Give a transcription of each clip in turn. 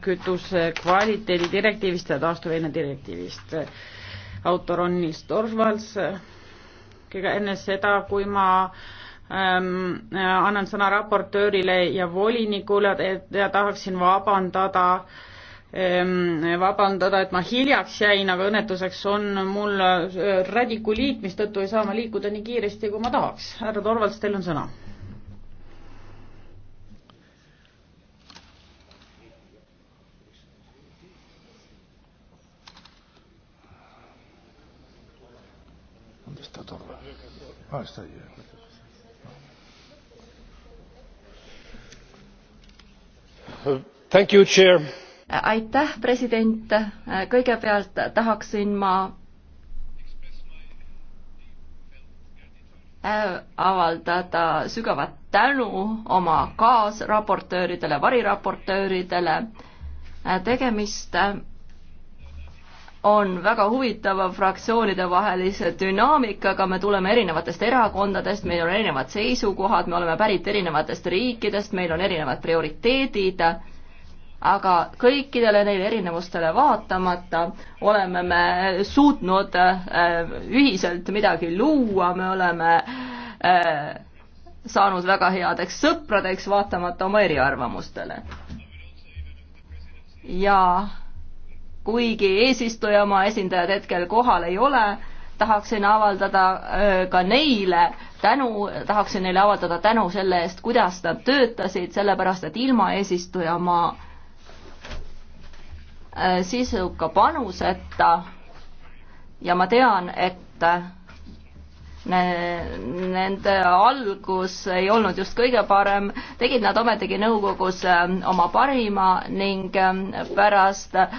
kütuse kvaliteedi direktiivist ja taastuvenergia direktiivist. autor on Nils Torvalds. kõige enne seda, kui ma ähm, annan sõna raportöörile ja volinikule ja tahaksin vabandada ähm, vabandada, et ma hiljaks jäin, aga õnnetuseks on mul äh, radikuliit, mistõttu ei saa ma liikuda nii kiiresti, kui ma tahaks. härra Torvalds, teil on sõna Ah, está ahí. Thank you, chair. aitäh, president. kõigepealt tahaksin ma äh, avaldada sügavat tänu oma kaasraportööridele, variraportööridele. Äh, tegemist äh, on väga huvitava fraktsioonidevahelise dünaamikaga, me tuleme erinevatest erakondadest, meil on erinevad seisukohad, me oleme pärit erinevatest riikidest, meil on erinevad prioriteedid, aga kõikidele neile erinevustele vaatamata oleme me suutnud äh, ühiselt midagi luua, me oleme äh, saanud väga headeks sõpradeks, vaatamata oma eriarvamustele. ja kuigi eesistujamaa esindajad hetkel kohal ei ole, tahaksin avaldada äh, ka neile tänu, tahaksin neile avaldada tänu selle eest, kuidas nad töötasid, sellepärast et ilma eesistujamaa äh, sisuka panuseta ja ma tean, et nende algus ei olnud just kõige parem, tegid nad ometigi nõukogus ähm, oma parima ning ähm, pärast äh,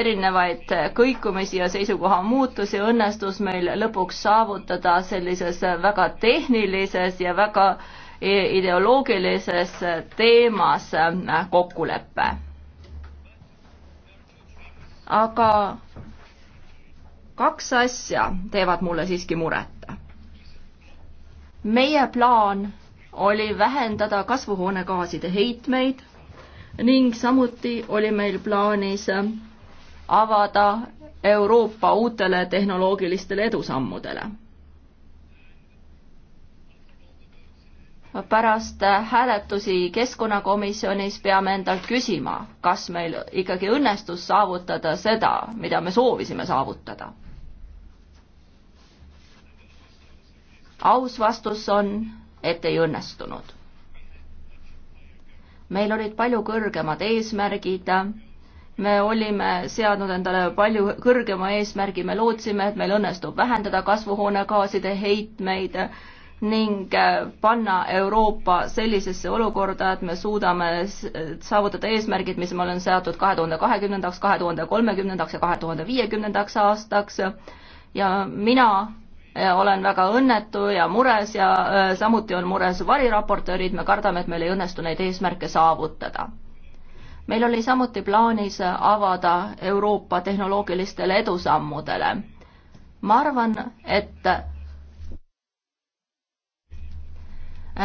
erinevaid kõikumisi ja seisukoha muutusi õnnestus meil lõpuks saavutada sellises väga tehnilises ja väga äh, ideoloogilises teemas ähm, kokkulepe. aga kaks asja teevad mulle siiski muret meie plaan oli vähendada kasvuhoonegaaside heitmeid ning samuti oli meil plaanis avada Euroopa uutele tehnoloogilistele edusammudele. pärast hääletusi Keskkonnakomisjonis peame endalt küsima, kas meil ikkagi õnnestus saavutada seda, mida me soovisime saavutada aus vastus on, et ei õnnestunud. meil olid palju kõrgemad eesmärgid, me olime seadnud endale palju kõrgema eesmärgi, me lootsime, et meil õnnestub vähendada kasvuhoonegaaside heitmeid ning panna Euroopa sellisesse olukorda, et me suudame saavutada eesmärgid, mis meil on seatud kahe tuhande kahekümnendaks, kahe tuhande kolmekümnendaks ja kahe tuhande viiekümnendaks aastaks ja mina Äh, olen väga õnnetu ja mures ja äh, samuti on mures variraportöörid, me kardame, et meil ei õnnestu neid eesmärke saavutada. meil oli samuti plaanis avada Euroopa tehnoloogilistele edusammudele. ma arvan, et äh,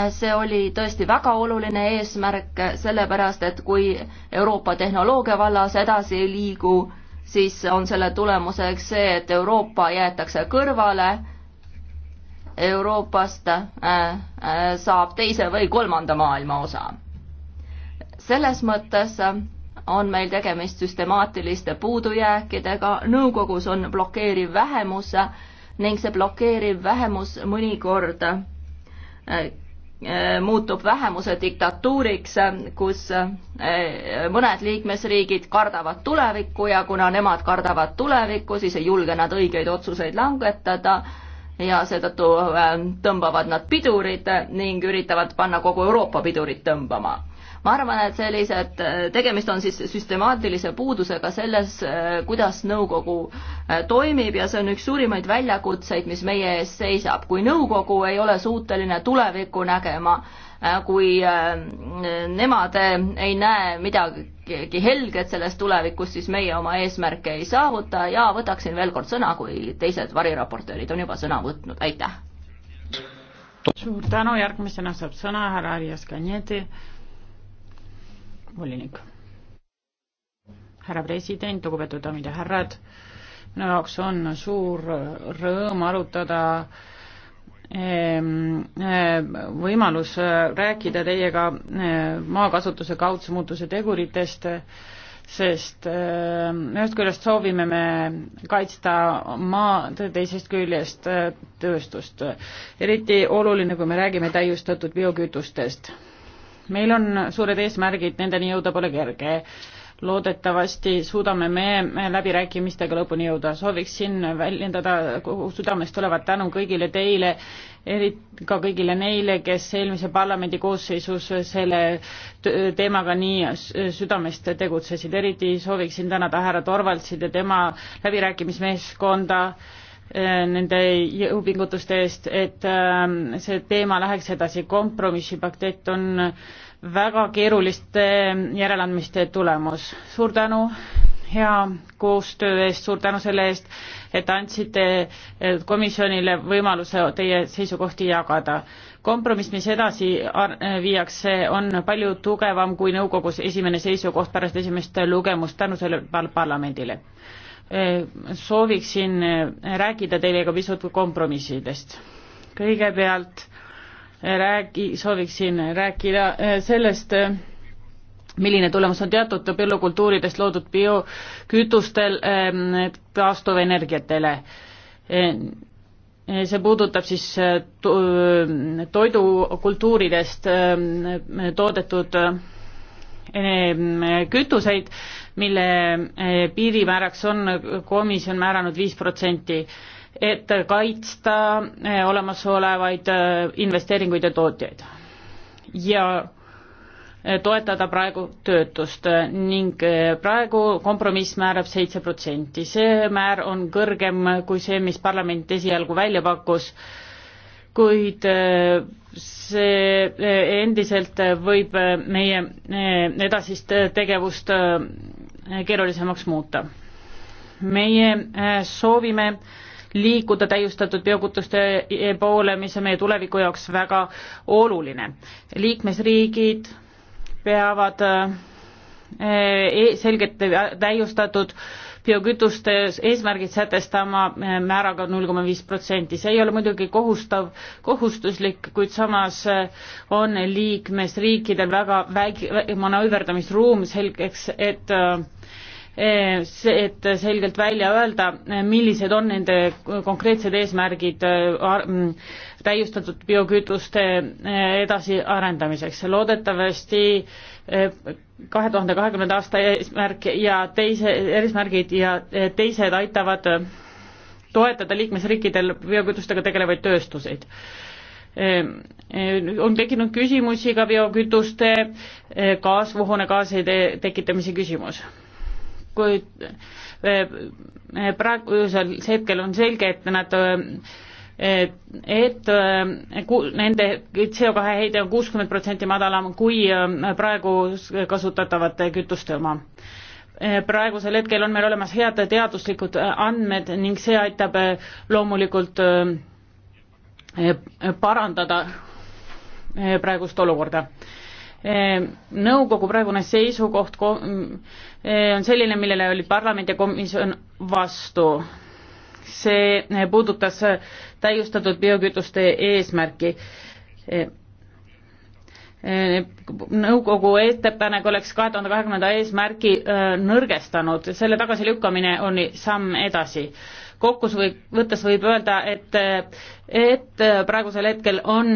see oli tõesti väga oluline eesmärk, sellepärast et kui Euroopa tehnoloogia vallas edasi ei liigu, siis on selle tulemuseks see, et Euroopa jäetakse kõrvale Euroopast äh, äh, saab teise või kolmanda maailma osa. selles mõttes on meil tegemist süstemaatiliste puudujääkidega, nõukogus on blokeeriv vähemus ning see blokeeriv vähemus mõnikord äh, muutub vähemuse diktatuuriks, kus mõned liikmesriigid kardavad tulevikku ja kuna nemad kardavad tulevikku, siis ei julge nad õigeid otsuseid langetada ja seetõttu äh, tõmbavad nad pidurid ning üritavad panna kogu Euroopa pidurid tõmbama ma arvan, et sellised, äh, tegemist on siis süstemaatilise puudusega selles, äh, kuidas nõukogu toimib ja see on üks suurimaid väljakutseid, mis meie ees seisab. kui nõukogu ei ole suuteline tulevikku nägema, Äh, kui äh, nemad ei näe midagi helget selles tulevikus, siis meie oma eesmärke ei saavuta ja võtaksin veel kord sõna, kui teised variraportöörid on juba sõna võtnud, aitäh! suur tänu, järgmisena saab sõna härra Arias Kanjeti, volinik. härra president, lugupeetud daamid ja härrad, minu jaoks on suur rõõm arutada äh, Ehm, ehm, võimalus äh, rääkida teiega äh, maakasutuse kaudse muutuse teguritest, sest ehm, ühest küljest soovime me kaitsta maad, teisest küljest äh, tööstust. eriti oluline, kui me räägime täiustatud biokütustest. meil on suured eesmärgid, nendeni jõuda pole kerge loodetavasti suudame me läbirääkimistega lõpuni jõuda. sooviksin väljendada kogu südamest tulevat tänu kõigile teile, eriti ka kõigile neile, kes eelmise parlamendi koosseisus selle teemaga nii südamest tegutsesid. eriti sooviksin tänada härra Torvaldsit ja tema läbirääkimismeeskonda äh, nende jõupingutuste eest, et äh, see teema läheks edasi. kompromissipakett on väga keeruliste järeleandmiste tulemus. suur tänu hea koostöö eest, suur tänu selle eest, et andsite komisjonile võimaluse teie seisukohti jagada. kompromiss, mis edasi viiakse, on palju tugevam kui nõukogus esimene seisukoht pärast esimest lugemust tänu sellele parlamendile. sooviksin rääkida teile ka pisut kompromissidest. kõigepealt räägi, sooviksin rääkida äh, sellest, äh, milline tulemus on teatud põllukultuuridest loodud biokütustel ähm, taastuvenergiatele. Äh, see puudutab siis toidukultuuridest ähm, toodetud ähm, kütuseid, mille piirimääraks on komisjon määranud viis protsenti et kaitsta eh, olemasolevaid eh, investeeringuid ja tootjaid ja eh, toetada praegu töötust ning praegu kompromiss määrab seitse protsenti, see määr on kõrgem kui see, mis parlament esialgu välja pakkus, kuid see endiselt võib meie edasist tegevust keerulisemaks muuta. meie soovime äh, liikuda täiustatud biokütuste poole, mis on meie tuleviku jaoks väga oluline. liikmesriigid peavad eh, e-, selgelt täiustatud biokütuste eesmärgid sätestama eh, määraga null koma viis protsenti. see ei ole muidugi kohustav, kohustuslik, kuid samas eh, on liikmesriikidel väga väike manööverdamisruum selgeks, et äh, Eh, see, et selgelt välja öelda, eh, millised on nende konkreetsed eesmärgid eh, mm, täiustatud biokütuste edasiarendamiseks. loodetavasti kahe tuhande kahekümnenda aasta eesmärk ja teise, eesmärgid ja teised aitavad toetada liikmesriikidel biokütustega tegelevaid tööstuseid on tekkinud küsimusi ka biokütuste kasvuhoonegaaside tekitamise küsimus kuid eh, eh, praegusel hetkel on selge, et nad eh, et, et ku, nende CO2 heide on kuuskümmend protsenti madalam kui praegu kasutatavate kütuste oma. praegusel hetkel on meil olemas head teaduslikud andmed ning see aitab loomulikult parandada praegust olukorda. Nõukogu praegune seisukoht Eh, on selline, millele oli parlamendi komisjon vastu. see eh, puudutas eh, täiustatud biokütuste eesmärki. nõukogu ettepanek oleks kahe tuhande kahekümnenda eesmärgi nõrgestanud, selle tagasilükkamine on samm edasi kokkus või võttes võib öelda, et, et praegusel hetkel on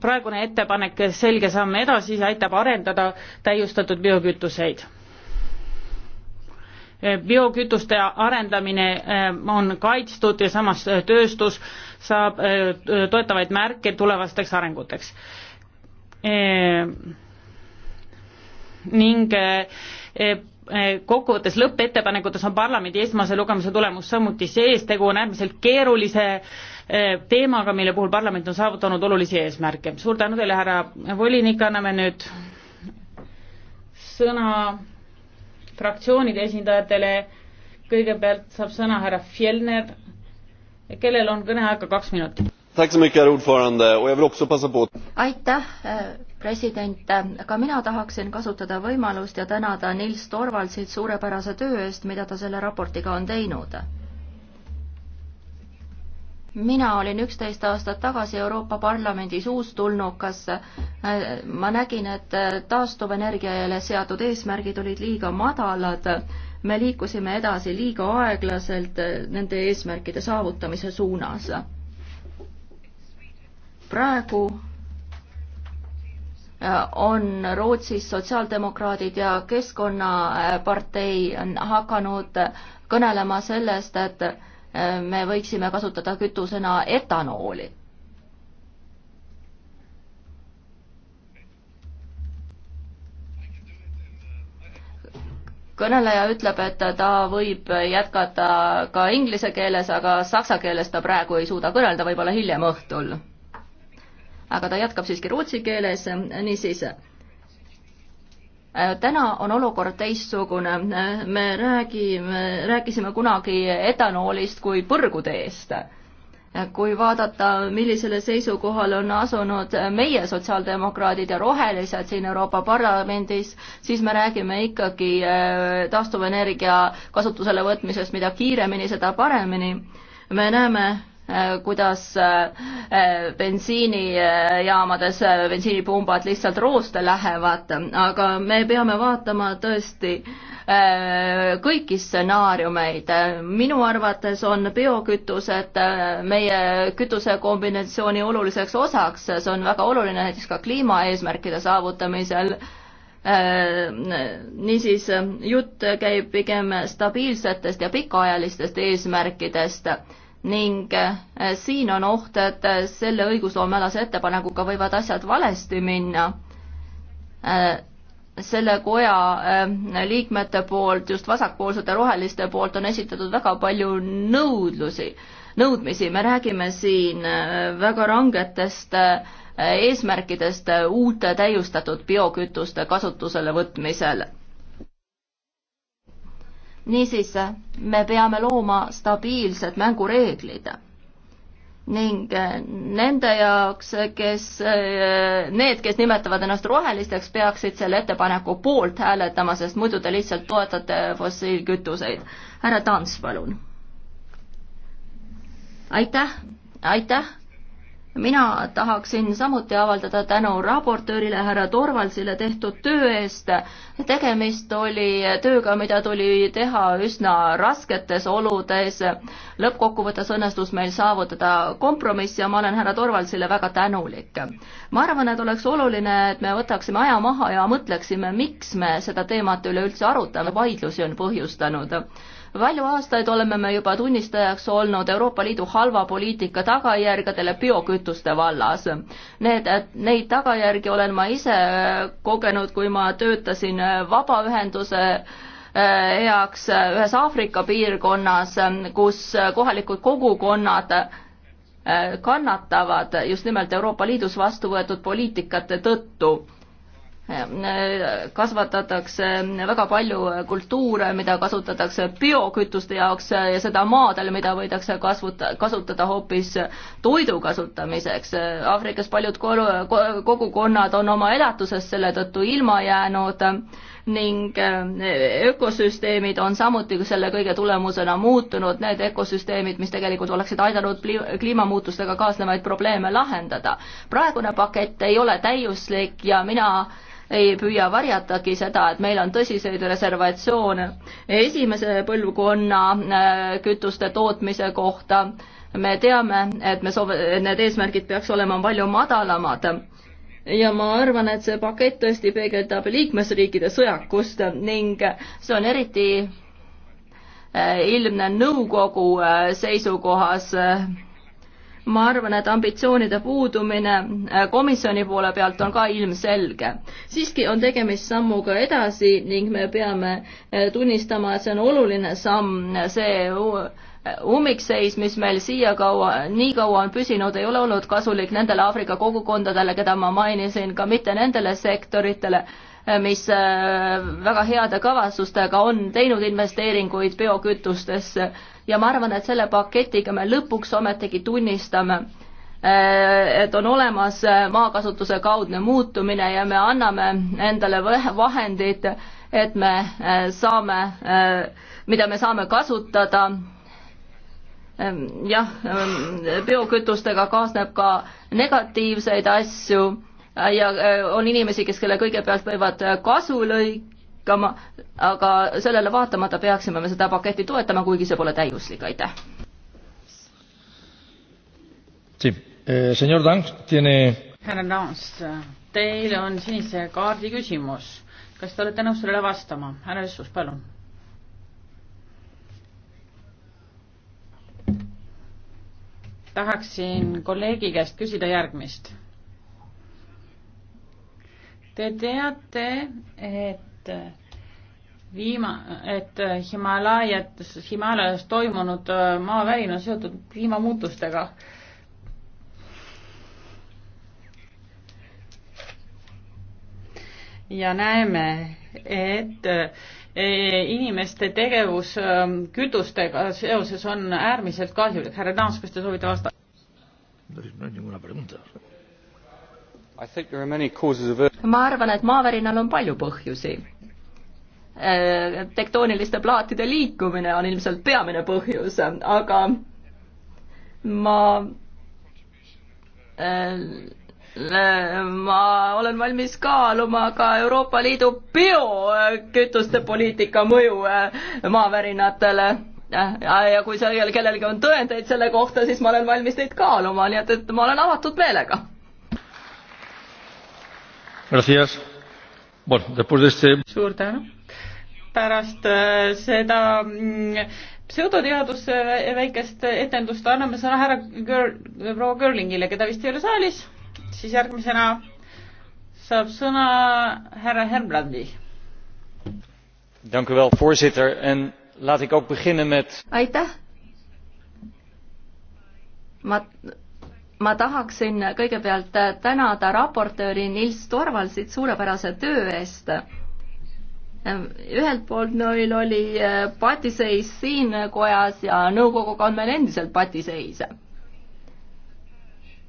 praegune ettepanek selge samm edasi, see aitab arendada täiustatud biokütuseid biokütuste arendamine eh, on kaitstud ja samas eh, tööstus saab eh, toetavaid märke tulevasteks arenguteks. ning kokkuvõttes lõppettepanekutes on parlamendi esmase lugemise tulemus samuti sees, tegu on äärmiselt keerulise teemaga, mille puhul parlament on saavutanud olulisi eesmärke. suur tänu teile, härra volinik, anname nüüd sõna fraktsioonide esindajatele. kõigepealt saab sõna härra Fjellner, kellel on kõneaega kaks minutit. aitäh, eh, president, ka mina tahaksin kasutada võimalust ja tänada Nils Torvaldsit suurepärase töö eest, mida ta selle raportiga on teinud mina olin üksteist aastat tagasi Euroopa Parlamendis uustulnukas. ma nägin, et taastuvenergiale seatud eesmärgid olid liiga madalad. me liikusime edasi liiga aeglaselt nende eesmärkide saavutamise suunas. praegu on Rootsis sotsiaaldemokraadid ja Keskkonnapartei on hakanud kõnelema sellest, et me võiksime kasutada kütusena etanooli. kõneleja ütleb, et ta võib jätkata ka inglise keeles, aga saksa keeles ta praegu ei suuda kõnelda, võib-olla hiljem õhtul. aga ta jätkab siiski rootsi keeles, niisiis Äh, täna on olukord teistsugune, äh, me räägime, rääkisime kunagi etanoolist kui põrguteest. Äh, kui vaadata, millisele seisukohale on asunud meie sotsiaaldemokraadid ja rohelised siin Euroopa Parlamendis, siis me räägime ikkagi taastuvenergia kasutusele võtmisest, mida kiiremini, seda paremini. me näeme Äh, kuidas äh, bensiinijaamades äh, bensiinipumbad lihtsalt rooste lähevad, aga me peame vaatama tõesti kõiki stsenaariumeid. minu arvates on biokütused meie kütusekombinatsiooni oluliseks osaks, see on väga oluline näiteks ka kliimaeesmärkide saavutamisel niisiis jutt käib pigem stabiilsetest ja pikaajalistest eesmärkidest ning äh, siin on oht, et äh, selle õigusloomealase ettepanekuga võivad asjad valesti minna. Äh, selle koja liikmete poolt, just vasakpoolsete roheliste poolt on esitatud väga palju nõudlusi, nõudmisi, me räägime siin väga rangetest eesmärkidest uute täiustatud biokütuste kasutusele võtmisel niisiis, me peame looma stabiilsed mängureeglid ning eh, nende jaoks, kes, eh, need, kes nimetavad ennast rohelisteks, peaksid selle ettepaneku poolt hääletama, sest muidu te lihtsalt toetate fossiilkütuseid. härra Tants, palun. aitäh, aitäh mina tahaksin samuti avaldada tänu raportöörile härra Torvaldsile tehtud töö eest. tegemist oli tööga, mida tuli teha üsna rasketes oludes. lõppkokkuvõttes õnnestus meil saavutada kompromiss ja ma olen härra Torvaldsile väga tänulik. ma arvan, et oleks oluline, et me võtaksime aja maha ja mõtleksime, miks me seda teemat üleüldse arutame, vaidlusi on põhjustanud palju aastaid oleme me juba tunnistajaks olnud Euroopa Liidu halva poliitika tagajärgedele biokütuste vallas. Need, neid tagajärgi olen ma ise kogenud, kui ma töötasin vabaühenduse eh, heaks ühes Aafrika piirkonnas, kus kohalikud kogukonnad eh, kannatavad just nimelt Euroopa Liidus vastu võetud poliitikate tõttu kasvatatakse väga palju kultuure, mida kasutatakse biokütuste jaoks ja seda maadel, mida võidakse kasvuta, kasutada hoopis toidu kasutamiseks. Aafrikas paljud kogukonnad on oma elatusest selle tõttu ilma jäänud ning ökosüsteemid on samuti selle kõige tulemusena muutunud, need ökosüsteemid, mis tegelikult oleksid aidanud kliimamuutustega kaasnevaid probleeme lahendada. praegune pakett ei ole täiuslik ja mina ei püüa varjatagi seda, et meil on tõsiseid reservatsioone esimese põlvkonna äh, kütuste tootmise kohta. me teame, et me soov-, need eesmärgid peaks olema palju madalamad ja ma arvan, et see pakett tõesti peegeldab liikmesriikide sõjakust ning see on eriti äh, ilmne nõukogu äh, seisukohas ma arvan, et ambitsioonide puudumine äh, komisjoni poole pealt on ka ilmselge. siiski on tegemist sammuga edasi ning me peame äh, tunnistama, et see on oluline samm, see äh, ummikseis, mis meil siia kaua, nii kaua on püsinud, ei ole olnud kasulik nendele Aafrika kogukondadele, keda ma mainisin, ka mitte nendele sektoritele, mis väga heade kavatsustega on teinud investeeringuid biokütustesse ja ma arvan, et selle paketiga me lõpuks ometigi tunnistame, et on olemas maakasutuse kaudne muutumine ja me anname endale vahendid, et me eh, saame, eh, mida me saame kasutada ehm, jah, ehm, biokütustega kaasneb ka negatiivseid asju ja eh, on inimesi, kes, kelle kõigepealt võivad kasu lõik-, lükkama, aga sellele vaatamata peaksime me seda paketti toetama, kuigi see pole täiuslik, aitäh. Eh, härra Dans, teil on sinise kaardi küsimus. kas te olete nõus sellele vastama? härra Ressus, palun. tahaksin kolleegi käest küsida järgmist Te teate, et et viima-, et Himalaiat, Himalayas toimunud äh, maavärin on seotud kliimamuutustega. ja näeme, et äh, inimeste tegevus ähm, kütustega seoses on äärmiselt kahjulik. härra Taans, kas te soovite vastata? ma arvan, et maavärinal on palju põhjusi Äh, tektooniliste plaatide liikumine on ilmselt peamine põhjus, aga ma äh, ma olen valmis kaaluma ka Euroopa Liidu biokütuste poliitika mõju äh, maavärinatele ja kui seal kellelgi on tõendeid selle kohta, siis ma olen valmis neid kaaluma, nii et, et ma olen avatud meelega. suur tänu pärast äh, seda mm, pseudoteaduse väikest etendust anname sõna härra Girl, proua Girlingile, keda vist ei ole saalis, siis järgmisena saab sõna härra Hermbrandi. aitäh. ma, ma tahaksin kõigepealt tänada raportööri Nils Torvaldsit suurepärase töö eest Ehm, ühelt poolt meil oli äh, patiseis siin kojas ja nõukoguga on meil endiselt patiseis.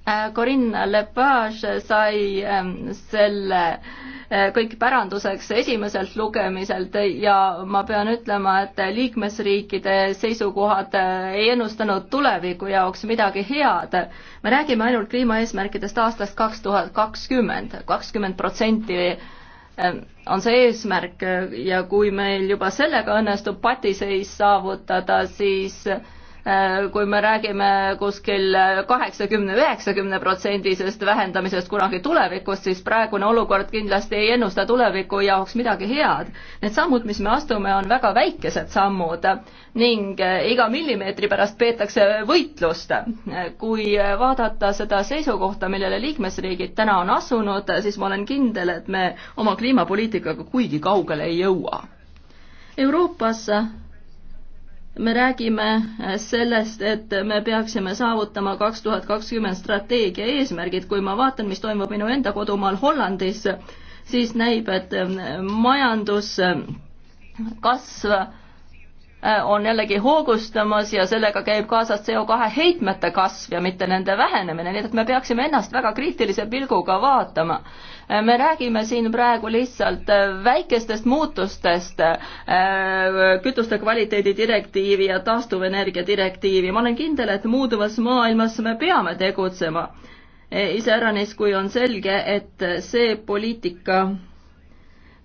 Äh, Corinne Lepage sai ehm, selle äh, kõik päranduseks esimeselt lugemiselt ja ma pean ütlema, et liikmesriikide seisukohad ei ennustanud tuleviku jaoks midagi head. me räägime ainult kliimaeesmärkidest aastast kaks tuhat kakskümmend, kakskümmend protsenti on see eesmärk ja kui meil juba sellega õnnestub patiseis saavutada, siis Äh, kui me räägime kuskil kaheksakümne, üheksakümne protsendisest vähendamisest kunagi tulevikus, siis praegune olukord kindlasti ei ennusta tuleviku jaoks midagi head. Need sammud, mis me astume, on väga väikesed sammud ning äh, iga millimeetri pärast peetakse võitlust. Äh, kui vaadata seda seisukohta, millele liikmesriigid täna on asunud, siis ma olen kindel, et me oma kliimapoliitikaga kuigi kaugele ei jõua. Euroopas me räägime äh, sellest, et me peaksime saavutama kaks tuhat kakskümmend strateegia eesmärgid, kui ma vaatan, mis toimub minu enda kodumaal Hollandis, siis näib, et äh, majandus äh, kasv Äh, on jällegi hoogustamas ja sellega käib kaasas CO2 heitmete kasv ja mitte nende vähenemine, nii et me peaksime ennast väga kriitilise pilguga vaatama. Äh, me räägime siin praegu lihtsalt äh, väikestest muutustest kütuste kvaliteedi direktiivi ja taastuvenergia direktiivi, ma olen kindel, et muutuvas maailmas me peame tegutsema. iseäranis, kui on selge, et see poliitika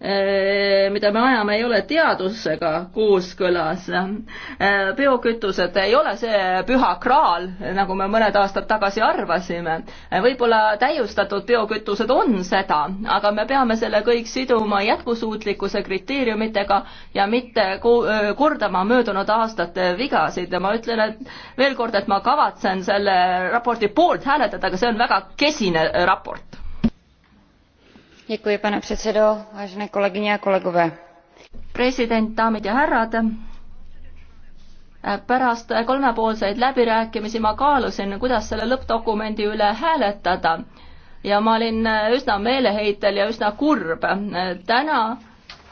Äh, mida me ajame, ei ole teadusega kooskõlas. Äh, biokütused ei ole see püha kraal, nagu me mõned aastad tagasi arvasime. Äh, võib-olla täiustatud biokütused on seda, aga me peame selle kõik siduma jätkusuutlikkuse kriteeriumitega ja mitte kordama möödunud aastate vigasid ja ma ütlen, et veel kord, et ma kavatsen selle raporti poolt hääletada, aga see on väga kesine raport Děkuji, pane předsedo, vážené kolegyně a kolegové. President, daamid ja härrad pärast kolmepoolseid läbirääkimisi ma kaalusin, kuidas selle lõppdokumendi üle hääletada ja ma olin üsna meeleheitel ja üsna kurb. täna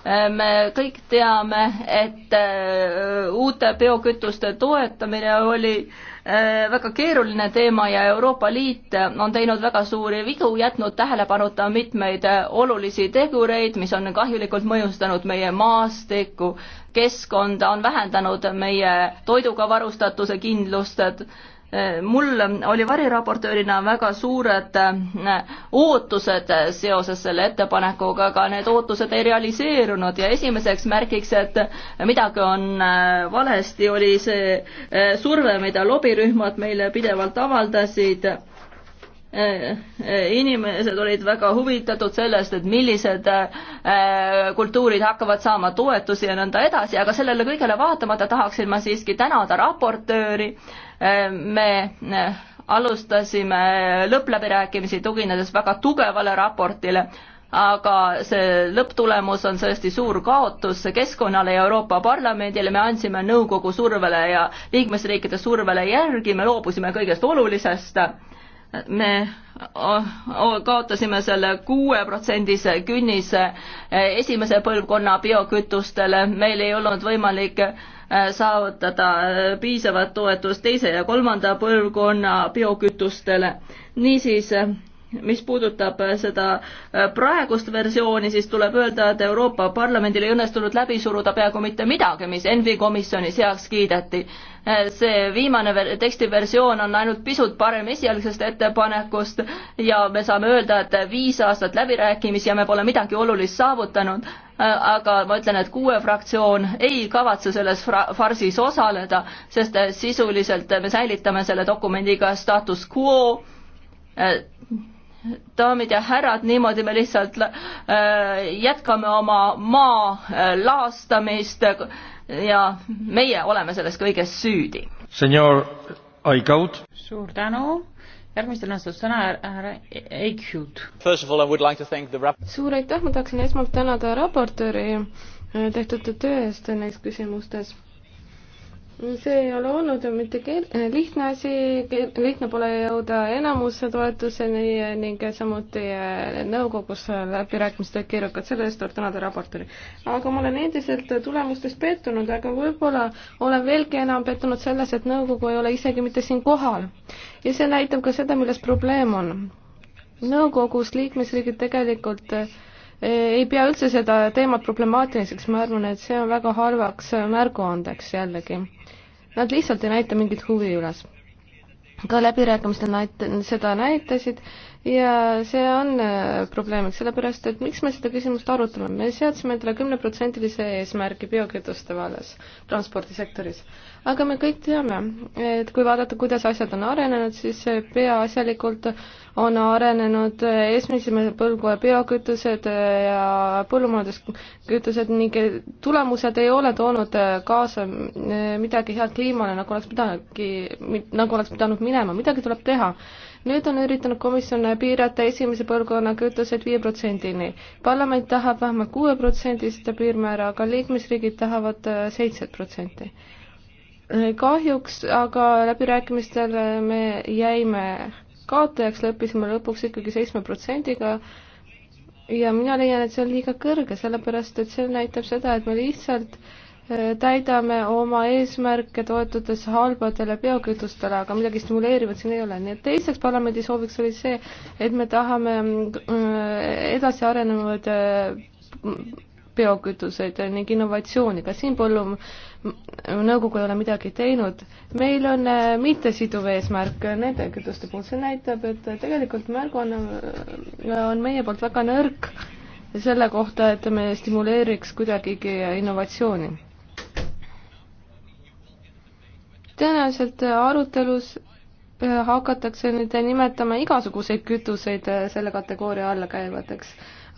eh, me kõik teame, et eh, uute biokütuste toetamine oli Äh, väga keeruline teema ja Euroopa Liit äh, on teinud väga suuri vigu, jätnud tähelepanuta mitmeid äh, olulisi tegureid, mis on kahjulikult mõjustanud meie maastikku, keskkonda, on vähendanud meie toiduga varustatuse kindlust mul oli variraportöörina väga suured äh, ootused seoses selle ettepanekuga, aga need ootused ei realiseerunud ja esimeseks märgiks, et midagi on äh, valesti, oli see äh, surve, mida lobirühmad meile pidevalt avaldasid. inimesed olid väga huvitatud sellest, et millised kultuurid hakkavad saama toetusi ja nõnda edasi, aga sellele kõigele vaatamata tahaksin ma siiski tänada raportööri me äh, alustasime lõppläbirääkimisi tuginedes väga tugevale raportile, aga see lõpptulemus on tõesti suur kaotus keskkonnale ja Euroopa Parlamendile, me andsime nõukogu survele ja liikmesriikide survele järgi, me loobusime kõigest olulisest, me kaotasime selle kuueprotsendise künnise esimese põlvkonna biokütustele, meil ei olnud võimalik Äh, saavutada äh, piisavat toetust teise ja kolmanda põlvkonna biokütustele. niisiis äh, mis puudutab seda praegust versiooni, siis tuleb öelda, et Euroopa Parlamendil ei õnnestunud läbi suruda peaaegu mitte midagi, mis Envi komisjonis heaks kiideti. see viimane tekstiversioon on ainult pisut parem esialgsest ettepanekust ja me saame öelda, et viis aastat läbirääkimisi ja me pole midagi olulist saavutanud aga ma ütlen, et kuue fraktsioon ei kavatse selles farsis osaleda, sest eh, sisuliselt me säilitame selle dokumendiga status quo. Eh, daamid ja härrad, niimoodi me lihtsalt eh, jätkame oma maa laastamist ja meie oleme selles kõiges süüdi. senor Aigaud. suur tänu järgmistel on sõna härra Eichhut. suur aitäh, ma tahaksin esmalt tänada raportööri eh, tehtud töö eest neis küsimustes see ei ole olnud ju mitte keel-, eh, lihtne asi, lihtne pole jõuda enamuse toetuseni eh, ning samuti eh, nõukogus läbirääkimised olid keerukad, selle eest tuleb tänada raportööri. aga ma olen endiselt tulemustes pettunud, aga võib-olla olen veelgi enam pettunud selles, et nõukogu ei ole isegi mitte siin kohal. ja see näitab ka seda, milles probleem on. nõukogus liikmesriigid tegelikult äh, ei pea üldse seda teemat problemaatiliseks, ma arvan, et see on väga harvaks märguandeks jällegi. Nad lihtsalt ei näita mingit huvi üles. ka läbirääkimistel näit-, seda näitasid ja see on äh, probleemiks, sellepärast et miks me seda küsimust arutame, me seadsime endale kümneprotsendilise eesmärgi biokütuste vallas, transpordisektoris. aga me kõik teame, et kui vaadata, kuidas asjad on arenenud, siis äh, peaasjalikult äh, on arenenud eh, esimese põlvkonna biokütused eh, ja põllumajanduskütused ning eh, tulemused ei ole toonud kaasa midagi head kliimale, nagu oleks pidanudki, nagu oleks pidanud minema, midagi tuleb teha. nüüd on üritanud komisjon piirata esimese põlvkonna kütused viie protsendini. parlament tahab vähemalt kuue protsendist piirmäära, aga liikmesriigid tahavad seitset protsenti kahjuks aga läbirääkimistel me jäime kaotajaks, leppisime lõpuks ikkagi seitsme protsendiga ja mina leian, et see on liiga kõrge, sellepärast et see näitab seda, et me lihtsalt äh, täidame oma eesmärke toetudes halbadele biokütustele, aga midagi stimuleerivat siin ei ole, nii et teiseks parlamendi sooviks oli see, et me tahame äh, edasi arenevaid äh, biokütuseid ning innovatsiooni, ka siin põllum-, nõukogu ei ole midagi teinud. meil on äh, mittesiduv eesmärk nende kütuste puhul, see näitab, et tegelikult märguanne on, äh, on meie poolt väga nõrk selle kohta, et me stimuleeriks kuidagigi innovatsiooni. tõenäoliselt arutelus äh, hakatakse nüüd nimetama igasuguseid kütuseid selle kategooria alla käivateks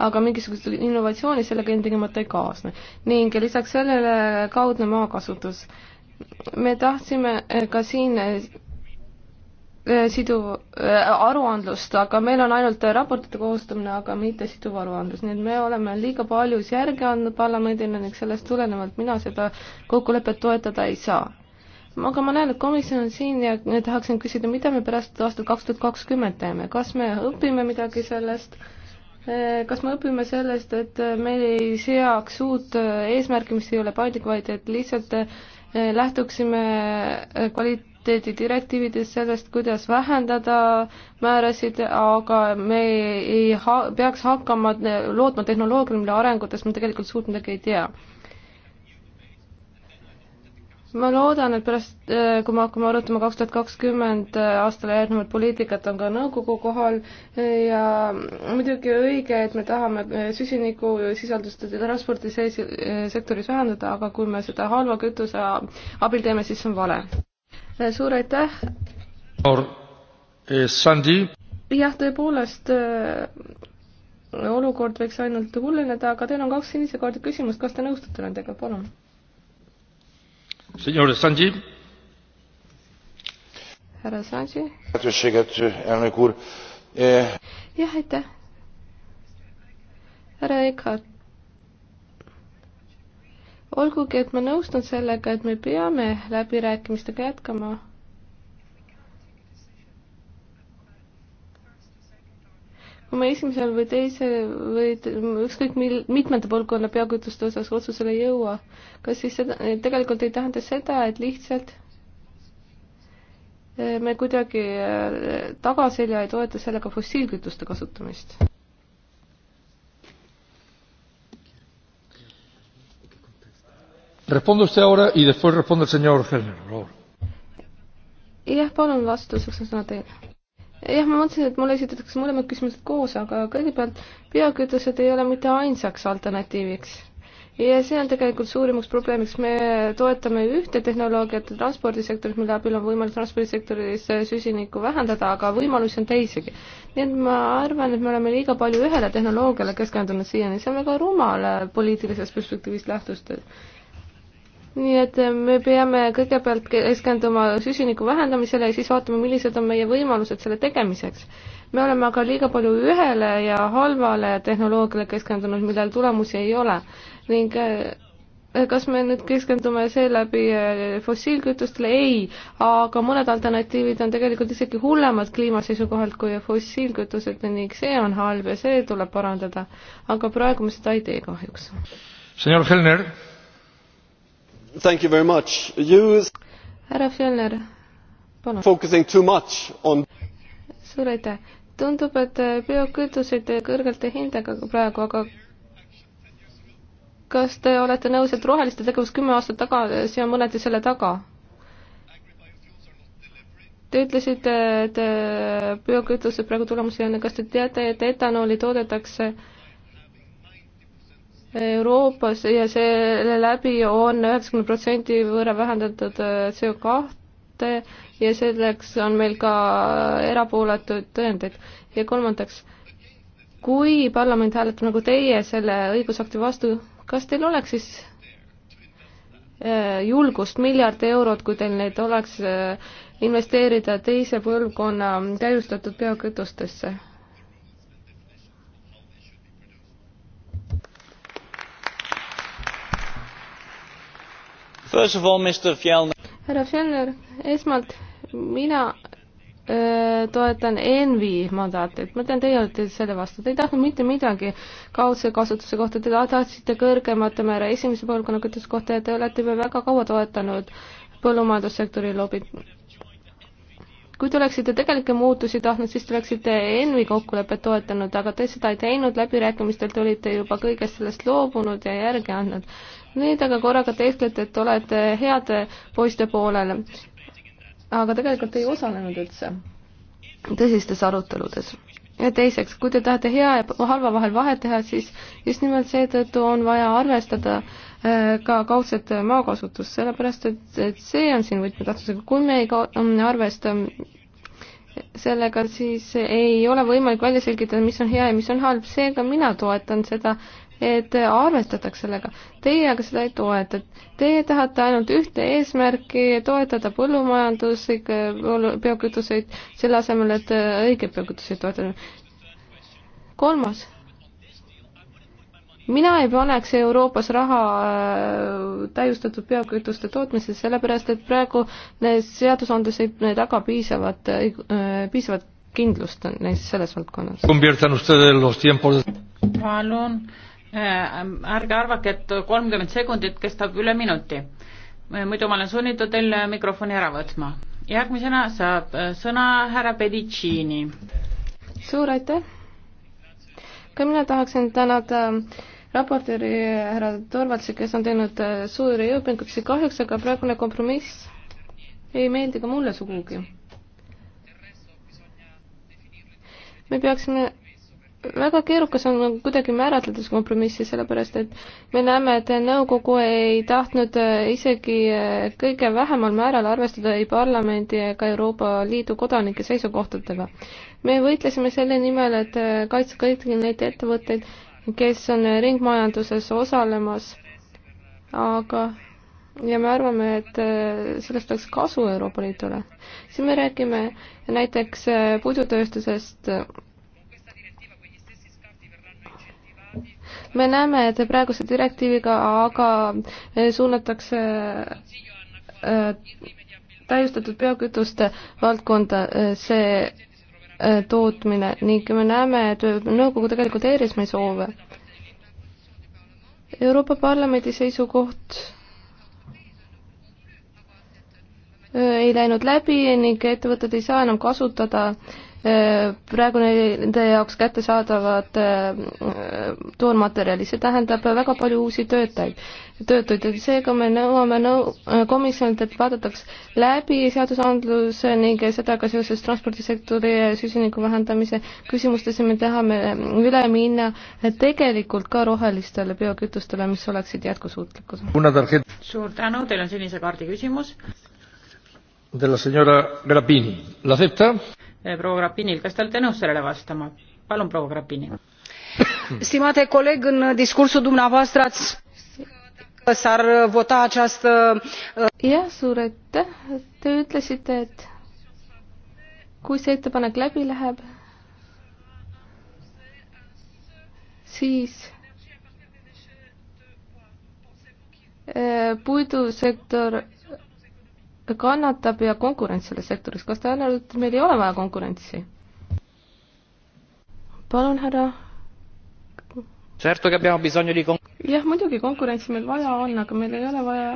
aga mingisugust innovatsiooni sellega ilmtingimata ei kaasne. ning lisaks sellele kaudne maakasutus. me tahtsime eh, ka siin eh, eh, siduv äh, aruandlust, aga meil on ainult raportite koostamine, aga mitte siduv aruandlus, nii et me oleme liiga paljus järgi andnud parlamendile ning sellest tulenevalt mina seda kokkulepet toetada ei saa. aga ma näen, et komisjon on siin ja tahaksin küsida, mida me pärast aastat kaks tuhat kakskümmend teeme, kas me õpime midagi sellest äh, Eh, kas me õpime sellest, et eh, me ei seaks uut eh, eesmärki, mis ei ole paindlik, vaid et lihtsalt lähtuksime kvaliteedi direktiividest, sellest, kuidas vähendada määrasid, aga me ei ha-, peaks hakkama lootma tehnoloogiline arengutes, me tegelikult suurt midagi ei tea ma loodan, et pärast, äh, kui me hakkame arutama kaks tuhat kakskümmend äh, aastale järgnevat poliitikat, on ka nõukogu kohal ja muidugi õige, et me tahame äh, süsiniku sisaldust transpordi sees sektoris vähendada, aga kui me seda halva kütuse abil teeme, siis see on vale. suur aitäh! jah, tõepoolest, olukord võiks ainult hulleneda, aga teil on kaks sinise kaardi küsimust, kas te nõustute nendega, palun? härra Sanji. E, jah, aitäh. härra Eckhardt olgugi, et ma nõustun sellega, et me peame läbirääkimistega jätkama oma esimesel või teise või ükskõik mil-, mitmenda põlvkonna peakütuste osas otsusele ei jõua, kas siis seda, tegelikult ei tähenda seda, et lihtsalt eh, me kuidagi eh, tagaselja ei toeta sellega fossiilkütuste kasutamist? Responde usted ahora y después responde el señor Helmer, por favor. jah, palun vastuseks on sõna teile jah, ma mõtlesin, et mulle esitatakse mõlemad küsimused koos, aga kõigepealt biokütused ei ole mitte ainsaks alternatiiviks. ja see on tegelikult suurimaks probleemiks, me toetame ühte tehnoloogiat transpordisektoris, mille abil on võimalik transpordisektoris süsinikku vähendada, aga võimalusi on teisigi. nii et ma arvan, et me oleme liiga palju ühele tehnoloogiale keskendunud siiani, see on väga rumal poliitilisest perspektiivist lähtustest nii et eh, me peame kõigepealt keskenduma süsiniku vähendamisele ja siis vaatame, millised on meie võimalused selle tegemiseks. me oleme aga liiga palju ühele ja halvale tehnoloogiale keskendunud, millel tulemusi ei ole ning eh, kas me nüüd keskendume seeläbi eh, fossiilkütustele, ei, aga mõned alternatiivid on tegelikult isegi hullemad kliima seisukohalt kui fossiilkütused ning see on halb ja see tuleb parandada. aga praegu me seda ei tee kahjuks. senor Helner Thank you very much. You... härra Fjellner, palun. Focusing too much on. suur aitäh. tundub, et äh, biokütuseid kõrgelt ei hinda praegu, aga kas te olete nõus, et roheliste tegevus kümme aastat tagasi on mõneti selle taga? Te ütlesite, et äh, biokütused praegu tulemusi on, kas te teate, et etanooli toodetakse äh, Euroopas ja selle läbi on üheksakümne protsendi võrra vähendatud äh, CO kahte ja selleks on meil ka erapooletuid tõendeid. ja kolmandaks, kui parlament hääletab nagu teie selle õigusakti vastu, kas teil oleks siis äh, julgust, miljard eurot, kui teil neid oleks, äh, investeerida teise põlvkonna täiustatud biokütustesse? härra Fjellner, esmalt mina öö, toetan ENVi mandaati, et ma tean, teie olete selle vastu, te ei tahtnud mitte midagi kaudse kasutuse kohta, te tahtsite kõrgemate määra esimese põlvkonna kütuse kohta ja te olete juba väga kaua toetanud põllumajandussektori lobit. kui te oleksite tegelikke muutusi tahtnud, siis te oleksite ENVi kokkulepet toetanud, aga te seda ei teinud, läbirääkimistel te olite juba kõigest sellest loobunud ja järgi andnud Need aga korraga te ütlete, et olete heade poiste poolel, aga tegelikult ei osalenud üldse tõsistes aruteludes ja teiseks, kui te tahate hea ja halva vahel vahet teha, siis just nimelt seetõttu on vaja arvestada äh, ka kaudset maakasutust, sellepärast et, et see on siin võtmetähtsusega, kui me ei ka-, arvesta sellega, siis ei ole võimalik välja selgitada, mis on hea ja mis on halb, seega mina toetan seda et arvestataks sellega. Teie aga seda ei toeta. Teie tahate ainult ühte eesmärki, toetada põllumajanduslikke biokütuseid, selle asemel, et äh, õigeid biokütuseid toetada. kolmas mina ei paneks Euroopas raha äh, täiustatud biokütuste tootmisesse, sellepärast et praegu seadusandlus ei taga piisavat, äh, piisavat kindlust neis selles valdkonnas. palun Äh, ärge arvake, et kolmkümmend sekundit kestab üle minuti. Äh, muidu ma olen sunnitud teil mikrofoni ära võtma. järgmisena saab äh, sõna härra Pedicini. suur aitäh! ka mina tahaksin tänada raportööri härra Torvaltsi, kes on teinud suuri jõupingutusi, kahjuks aga praegune kompromiss ei meeldi ka mulle sugugi. me peaksime väga keerukas on kuidagi määratledes kompromissi, sellepärast et me näeme, et nõukogu ei tahtnud äh, isegi äh, kõige vähemal määral arvestada ei parlamendi ega Euroopa Liidu kodanike seisukohtadega. me võitlesime selle nimel, et äh, kaitsta kõiki neid ettevõtteid, kes on ringmajanduses osalemas, aga ja me arvame, et sellest oleks kasu Euroopa Liidule. siis me räägime näiteks puidutööstusest me näeme, et praeguse direktiiviga aga eh, suunatakse eh, täiustatud biokütuste valdkonda eh, see tootmine ning me näeme, et nõukogu tegelikult eiris meie soove. Euroopa Parlamendi seisukoht ei läinud läbi ning ettevõtted ei saa enam kasutada äh, praegu nende jaoks kättesaadavad äh, toonmaterjali, see tähendab väga palju uusi töötajaid, töötuid ja seega me nõuame nõu-, äh, komisjonilt, et vaadataks läbi seadusandlus ning seda ka seoses transpordisektori süsiniku vähendamise küsimustes ja me tahame üle minna tegelikult ka rohelistele biokütustele, mis oleksid jätkusuutlikud. suur tänu, teil on sinise kaardi küsimus. De la señora Grappini, ¿la acepta? Eh, proua Grappinil, kas te olete nõus sellele vastama? palun, proua Grappini. Stimate coleg, în discursul dumneavoastră ați s ar vota această... jah, uh, suur aitäh, te ütlesite, et kui see ettepanek läbi läheb, siis eh, puidusektor kannatab ja konkurents selles sektoris, kas te arvate, et meil ei ole vaja konkurentsi? palun, härra. jah, muidugi konkurentsi meil vaja on, aga meil ei ole vaja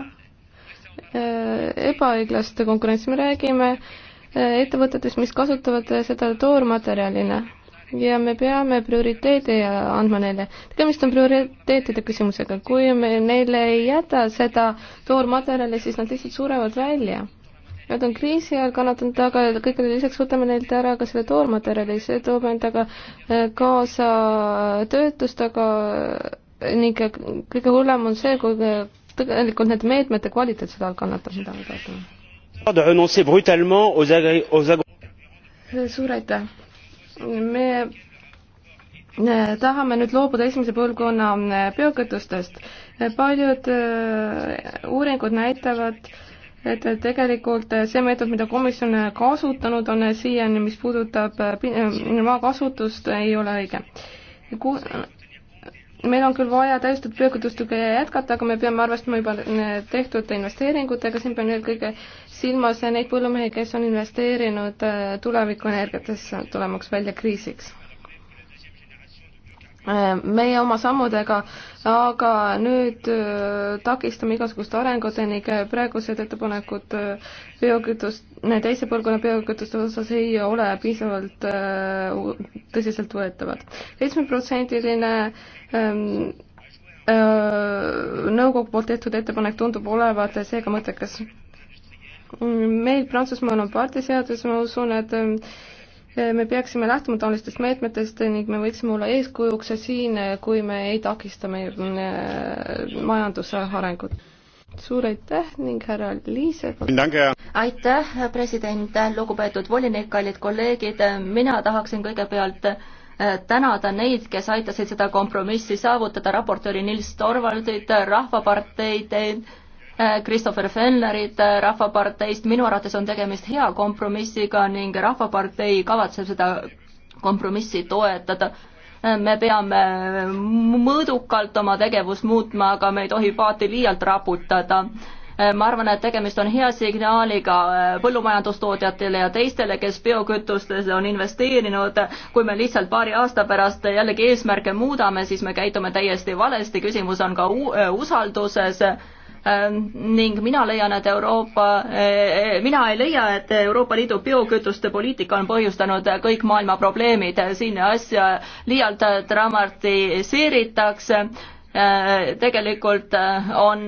äh, ebaõiglast konkurentsi, me räägime äh, ettevõtetest, mis kasutavad äh, seda toormaterjalina ja me peame prioriteede andma neile. tegemist on prioriteetide küsimusega, kui me neile ei jäta seda toormaterjali, siis nad lihtsalt surevad välja. Nad on kriisi ajal kannatanud, aga kõigele lisaks võtame neilt ära ka selle toormaterjali, see toob endaga äh, kaasa äh, töötust, aga äh, ning kõige hullem on see, kui tegelikult nende meetmete kvaliteet seda kannatab, mida me taotleme. suur aitäh! me äh, tahame nüüd loobuda esimese põlvkonna äh, biokütustest. Äh, paljud uuringud näitavad, et tegelikult see meetod, mida komisjon kasutanud on siiani, mis puudutab maakasutust, ei ole õige. meil on küll vaja täiestatud biokütustega jätkata, aga me peame arvestama juba tehtud investeeringutega, siin pean eelkõige silmas neid põllumehi, kes on investeerinud äh, tulevikuenergiatesse, tulemaks välja kriisiks. Äh, meie oma sammudega aga nüüd äh, takistame igasugust arengut ning praegused ettepanekud biokütust, teise põlvkonna biokütuste osas ei ole piisavalt tõsiseltvõetavad. seitsmeprotsendiline ähm, nõukogu poolt tehtud ettepanek tundub olevat seega mõttekas meil Prantsusmaal on partiseadus, ma usun, et eh, me peaksime lähtuma taolistest meetmetest ning me võiksime olla eeskujuks siin, kui me ei takista meie eh, majanduse arengut. suur aitäh ning härra Liisek. aitäh, president, lugupeetud volinik, kallid kolleegid, mina tahaksin kõigepealt eh, tänada neid, kes aitasid seda kompromissi saavutada, raportööri Nils Torvaldit, Rahvaparteid, Äh, Christopher Fennerit äh, Rahvaparteist, minu arvates on tegemist hea kompromissiga ning Rahvapartei kavatseb seda kompromissi toetada. Äh, me peame mõõdukalt oma tegevust muutma, aga me ei tohi paati liialt raputada ma arvan, et tegemist on hea signaaliga põllumajandustootjatele ja teistele, kes biokütustesse on investeerinud. kui me lihtsalt paari aasta pärast jällegi eesmärke muudame, siis me käitume täiesti valesti, küsimus on ka usalduses Ähm, ning mina leian, et Euroopa, äh, äh, mina ei leia, et Euroopa Liidu biokütuste poliitika on põhjustanud kõik maailma probleemid, siin asja liialt dramatiseeritakse Äh, tegelikult äh, on,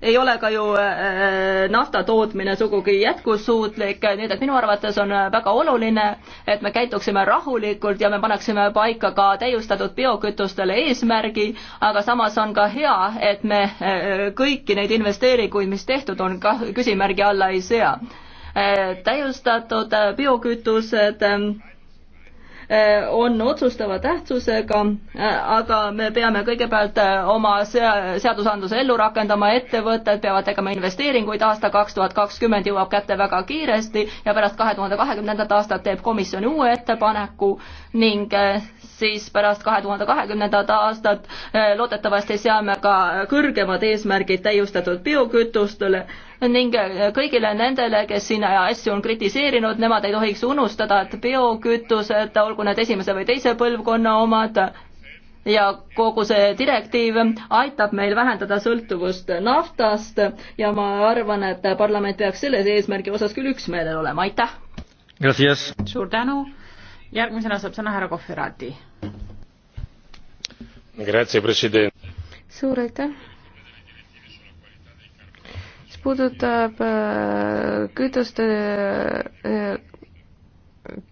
ei ole ka ju äh, nafta tootmine sugugi jätkusuutlik, nii et minu arvates on väga oluline, et me käituksime rahulikult ja me paneksime paika ka täiustatud biokütustele eesmärgi, aga samas on ka hea, et me kõiki neid investeeringuid, mis tehtud on, ka küsimärgi alla ei sea. täiustatud biokütused Äh, on otsustava tähtsusega, äh, aga me peame kõigepealt äh, oma seadusandluse ellu rakendama, ettevõtted peavad tegema investeeringuid, aasta kaks tuhat kakskümmend jõuab kätte väga kiiresti ja pärast kahe tuhande kahekümnendat aastat teeb komisjon uue ettepaneku ning siis pärast kahe tuhande kahekümnendat aastat loodetavasti seame ka kõrgemad eesmärgid täiustatud biokütustele ning äh, kõigile nendele, kes siin äh, asju on kritiseerinud, nemad ei tohiks unustada, et biokütused, olgu need esimese või teise põlvkonna omad, ja kogu see direktiiv aitab meil vähendada sõltuvust naftast ja ma arvan, et parlament peaks selles eesmärgi osas küll üksmeelel olema, aitäh! suur tänu, järgmisena saab sõna härra Kohverati. suur aitäh! puudutab äh, kütuste äh,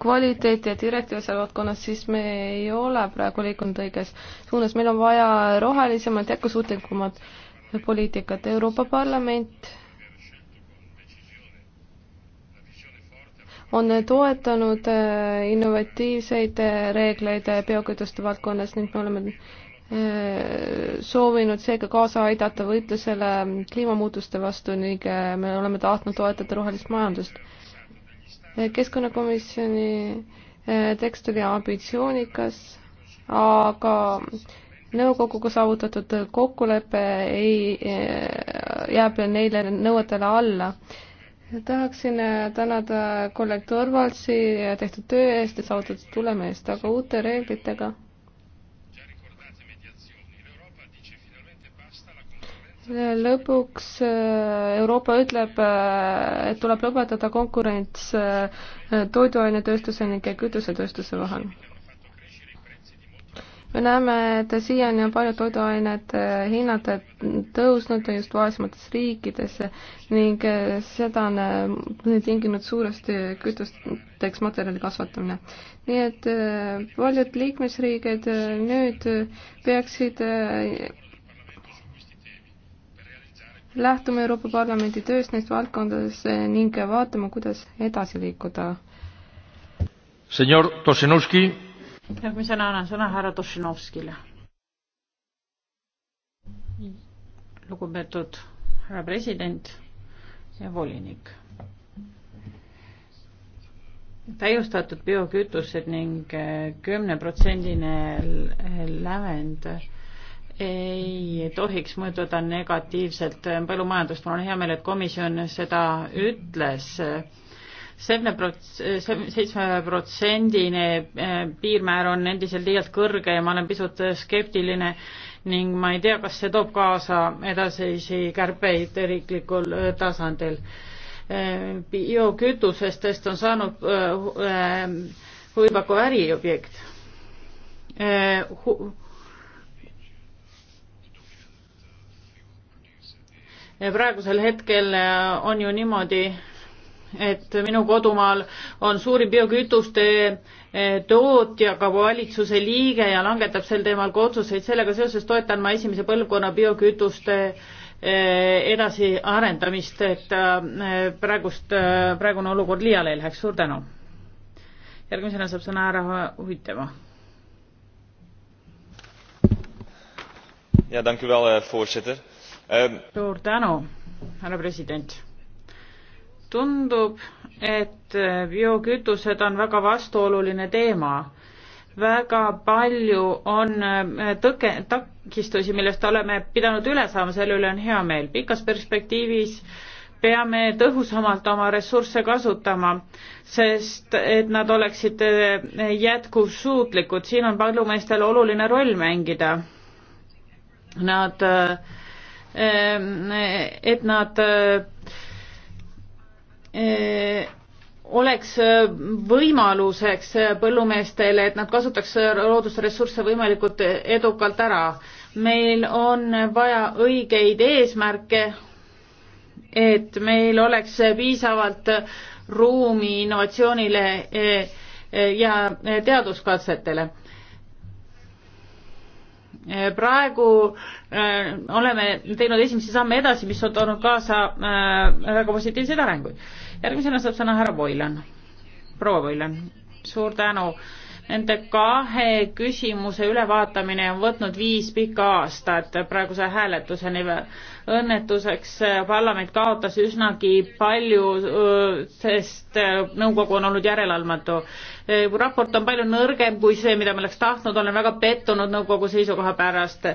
kvaliteeti ja direktiivi seal valdkonnas, siis me ei ole praegu liikunud õiges suunas, meil on vaja rohelisemat, jätkusuutlikumat poliitikat, Euroopa Parlament on toetanud äh, innovatiivseid reegleid biokütuste valdkonnas ning me oleme soovinud seega kaasa aidata võitlusele kliimamuutuste vastu ning äh, me oleme tahtnud toetada rohelist majandust. keskkonnakomisjoni äh, tekst oli ambitsioonikas, aga nõukoguga saavutatud kokkulepe ei, äh, jääb neile nõuetele alla tahaksin tänada kolleeg Torvaldsi tehtud töö eest ja saavutatud tuleme eest, aga uute reeglitega lõpuks äh, Euroopa ütleb, äh, et tuleb lõpetada konkurents äh, toiduainetööstuse ning kütusetööstuse vahel. me näeme, et siiani on paljud toiduainete hinnad tõusnud just vaesemates riikides ning seda on tinginud suuresti kütusteks materjali kasvatamine. nii et paljud liikmesriigid nüüd peaksid lähtume Euroopa Parlamendi tööst neis valdkondades eh, ning vaatame, kuidas edasi liikuda. senor Tošinovski. järgmisena annan sõna härra Tošinovskile. lugupeetud härra president ja volinik. täiustatud biokütused ning eh, kümneprotsendine lävend ei tohiks mõjutada negatiivselt põllumajandust. mul on hea meel, et komisjon seda ütles. seitsme prots-, seitsme protsendine eh, piirmäär on endiselt liialt kõrge ja ma olen pisut skeptiline ning ma ei tea, kas see toob kaasa edasisi kärpeid riiklikul eh, tasandil. Eh, biokütusestest on saanud huvipakkuv äriobjekt praegusel hetkel äh, on ju niimoodi, et minu kodumaal on suurim biokütuste äh, tootja ka valitsuse liige ja langetab sel teemal ka otsuseid, sellega seoses toetan ma esimese põlvkonna biokütuste äh, edasiarendamist, et praegust, praegune olukord liiale ei läheks, suur tänu. järgmisena saab sõna härra Uitema. ja tänku veel, eh, voorzitter Ähm, suur tänu, härra president. tundub, et äh, biokütused on väga vastuoluline teema väga palju on äh, tõke, takistusi, millest oleme pidanud üle saama, selle üle on hea meel. pikas perspektiivis peame tõhusamalt oma ressursse kasutama, sest et nad oleksid äh, jätkusuutlikud, siin on põllumeestel oluline roll mängida. Nad äh, Ehm, et nad eh, eh, oleks võimaluseks põllumeestele, et nad kasutaks loodusressursse võimalikult edukalt ära. meil on vaja õigeid eesmärke, et meil oleks piisavalt ruumi innovatsioonile eh, ja teaduskatsetele praegu äh, oleme teinud esimesi samme edasi, mis on toonud kaasa äh, väga positiivseid arenguid. järgmisena saab sõna härra Boylan, proua Boylan, suur tänu äh, Nende kahe küsimuse ülevaatamine on võtnud viis pikka aastat praeguse hääletuseni. õnnetuseks parlament kaotas üsnagi palju, sest nõukogu on olnud järeleandmatu. raport on palju nõrgem kui see, mida me oleks tahtnud, olen väga pettunud nõukogu seisukoha pärast.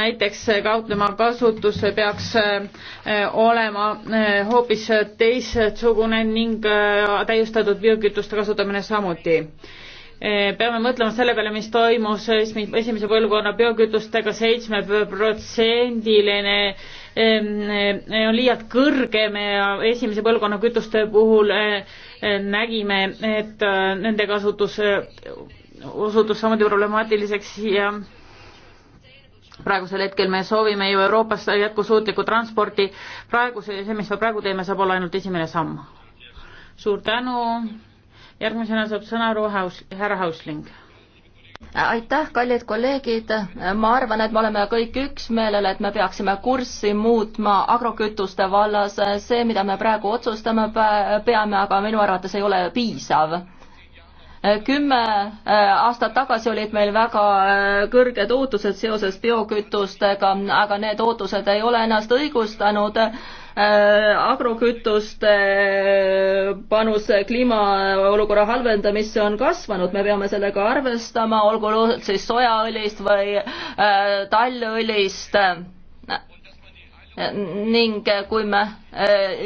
näiteks kauplemaa kasutus peaks eh, olema eh, hoopis teistsugune ning eh, täiustatud biokütuste kasutamine samuti Eh, peame mõtlema selle peale, mis toimus esimese põlvkonna biokütustega, seitsme protsendiline eh, on liialt kõrge, me esimese põlvkonna kütuste puhul eh, nägime, et nende kasutus osutus samuti problemaatiliseks ja praegusel hetkel me soovime ju Euroopas jätkusuutlikku transporti, praegu see, see, mis me praegu teeme, saab olla ainult esimene samm. suur tänu järgmisena saab sõna Haus, härra Hausling aitäh, kallid kolleegid, ma arvan, et me oleme kõik üksmeelel, et me peaksime kurssi muutma agrokütuste vallas, see, mida me praegu otsustame, peame aga minu arvates ei ole piisav. kümme äh, aastat tagasi olid meil väga äh, kõrged ootused seoses biokütustega, aga need ootused ei ole ennast õigustanud Äh, agrokütuste äh, panus kliimaolukorra halvendamisse on kasvanud, me peame sellega arvestama, olgu siis sojaõlist või äh, tallõlist ning kui me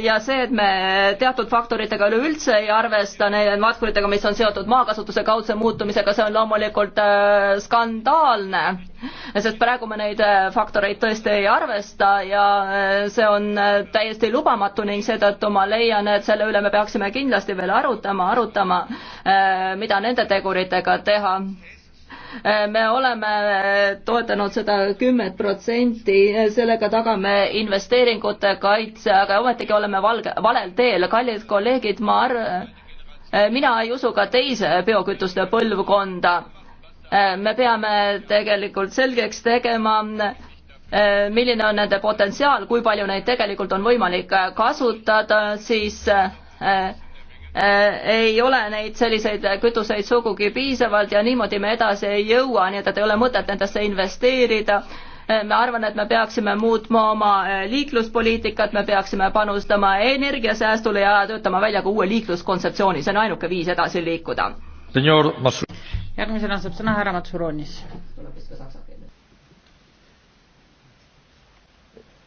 ja see, et me teatud faktoritega üleüldse ei arvesta, need matkuritega, mis on seotud maakasutuse kaudse muutumisega, see on loomulikult äh, skandaalne, sest praegu me neid äh, faktoreid tõesti ei arvesta ja äh, see on täiesti lubamatu ning seetõttu ma leian, et selle üle me peaksime kindlasti veel arutama, arutama, mida nende teguritega teha Äh, me oleme äh, toetanud seda kümmet protsenti, äh, sellega tagame investeeringute kaitse, aga ometigi oleme valge, valel teel, kallid kolleegid, ma arv-, mina ei usu ka teise biokütuste põlvkonda. me peame tegelikult selgeks tegema, milline on nende potentsiaal, kui palju neid tegelikult on võimalik kasutada, siis Äh, ei ole neid selliseid kütuseid sugugi piisavalt ja niimoodi me edasi ei jõua, nii et, et ei ole mõtet nendesse investeerida. Äh, ma arvan, et me peaksime muutma oma äh, liikluspoliitikat, me peaksime panustama energiasäästule ja töötama välja ka uue liikluskontseptsiooni, see on ainuke viis edasi liikuda. järgmisena saab sõna härra Matsuronis.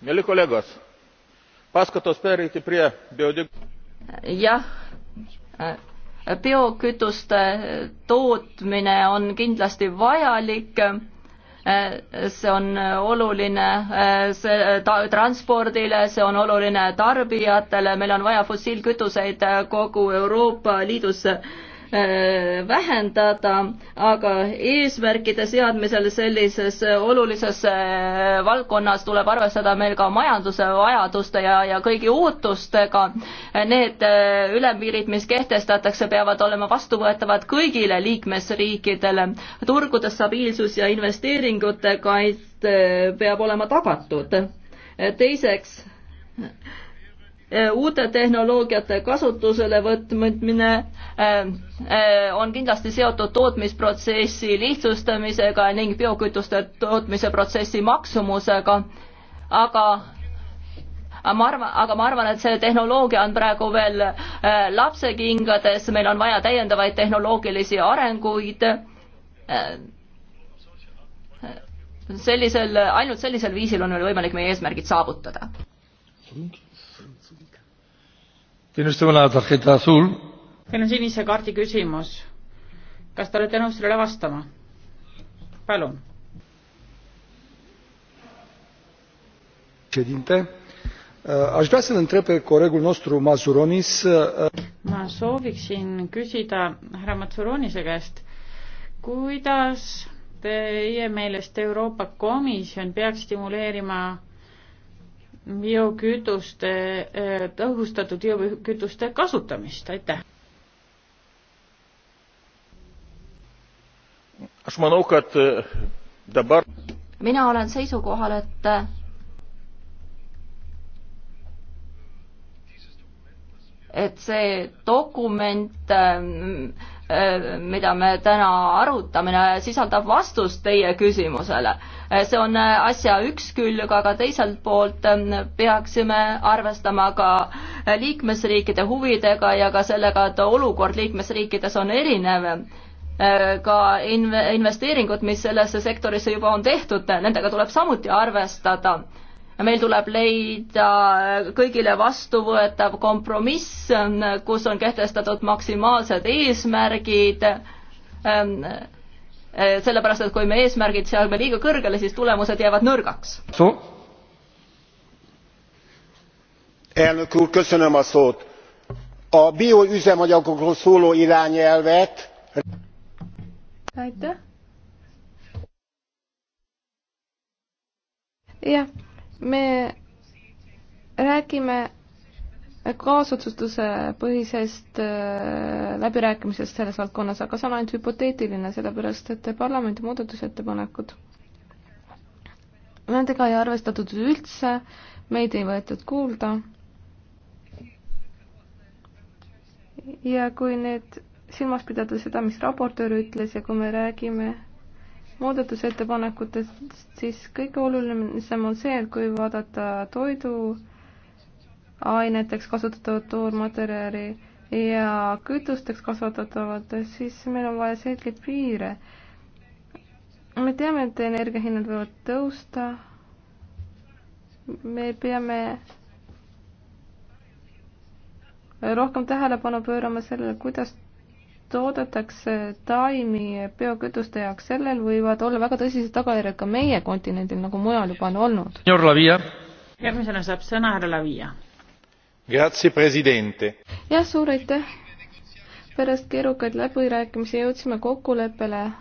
Mėly kolegos, paskatos pereiti prie biodik- jah biokütuste tootmine on kindlasti vajalik see on oluline see ta, transpordile, see on oluline tarbijatele, meil on vaja fossiilkütuseid kogu Euroopa Liidus Äh, vähendada, aga eesmärkide seadmisel sellises olulises äh, valdkonnas tuleb arvestada meil ka majanduse vajaduste ja, ja kõigi ootustega. Need äh, ülempiirid, mis kehtestatakse, peavad olema vastuvõetavad kõigile liikmesriikidele. turgude stabiilsus ja investeeringute kaitse peab olema tagatud. teiseks Äh, uute tehnoloogiate kasutusele võtmine äh, äh, on kindlasti seotud tootmisprotsessi lihtsustamisega ning biokütuste tootmise protsessi maksumusega, aga ma arvan, aga ma arvan, et see tehnoloogia on praegu veel lapsekingades, meil on vaja täiendavaid tehnoloogilisi arenguid. sellisel, ainult sellisel viisil on meil võimalik meie eesmärgid saavutada. Teil on sinise kaardi küsimus. kas te olete nõus sellele vastama? palun. Eh, aș vrea să-l întreb pe colegul nostru Masuronis. Eh, Ma sooviksin küsida härra Matsuronise käest, kuidas teie meelest Euroopa Komisjon peaks stimuleerima biokütuste, eh, tõhustatud biokütuste kasutamist, aitäh. Eh, mina olen seisukohal, et et see dokument eh, Äh, mida me täna arutamine sisaldab vastust teie küsimusele. Äh, see on äh, asja üks külg, aga teiselt poolt peaksime arvestama ka liikmesriikide huvidega ja ka sellega, et olukord liikmesriikides on erinev ka inv-, investeeringud, mis sellesse sektorisse juba on tehtud, nendega tuleb samuti arvestada meil tuleb leida kõigile vastuvõetav kompromiss, kus on kehtestatud maksimaalsed eesmärgid, ähm, äh, sellepärast et kui me eesmärgid seame liiga kõrgele, siis tulemused jäävad nõrgaks. elnök úr köszönöm a szót! a bioüzemanyagokról szóló irányelvet jah me räägime kaasotsustuse põhisest äh, läbirääkimisest selles valdkonnas, aga see on ainult hüpoteetiline, sellepärast et parlamendi muudatusettepanekud, nendega ei arvestatud üldse, meid ei võetud kuulda. ja kui nüüd silmas pidada seda, mis raportöör ütles ja kui me räägime muudatusettepanekutest, siis kõige olulisem on see, et kui vaadata toiduaineteks kasutatavat toormaterjali ja kütusteks kasvatatavat, siis meil on vaja selgeid piire. me teame, et energiahinnad võivad tõusta. me peame rohkem tähelepanu pöörama sellele, kuidas toodetakse taimi biokütuste jaoks, sellel võivad olla väga tõsised tagajärjed ka meie kontinendil, nagu mujal juba on olnud. järgmisena saab sõna härra Lavia. jah, suur aitäh. pärast keerukaid läbirääkimisi jõudsime kokkuleppele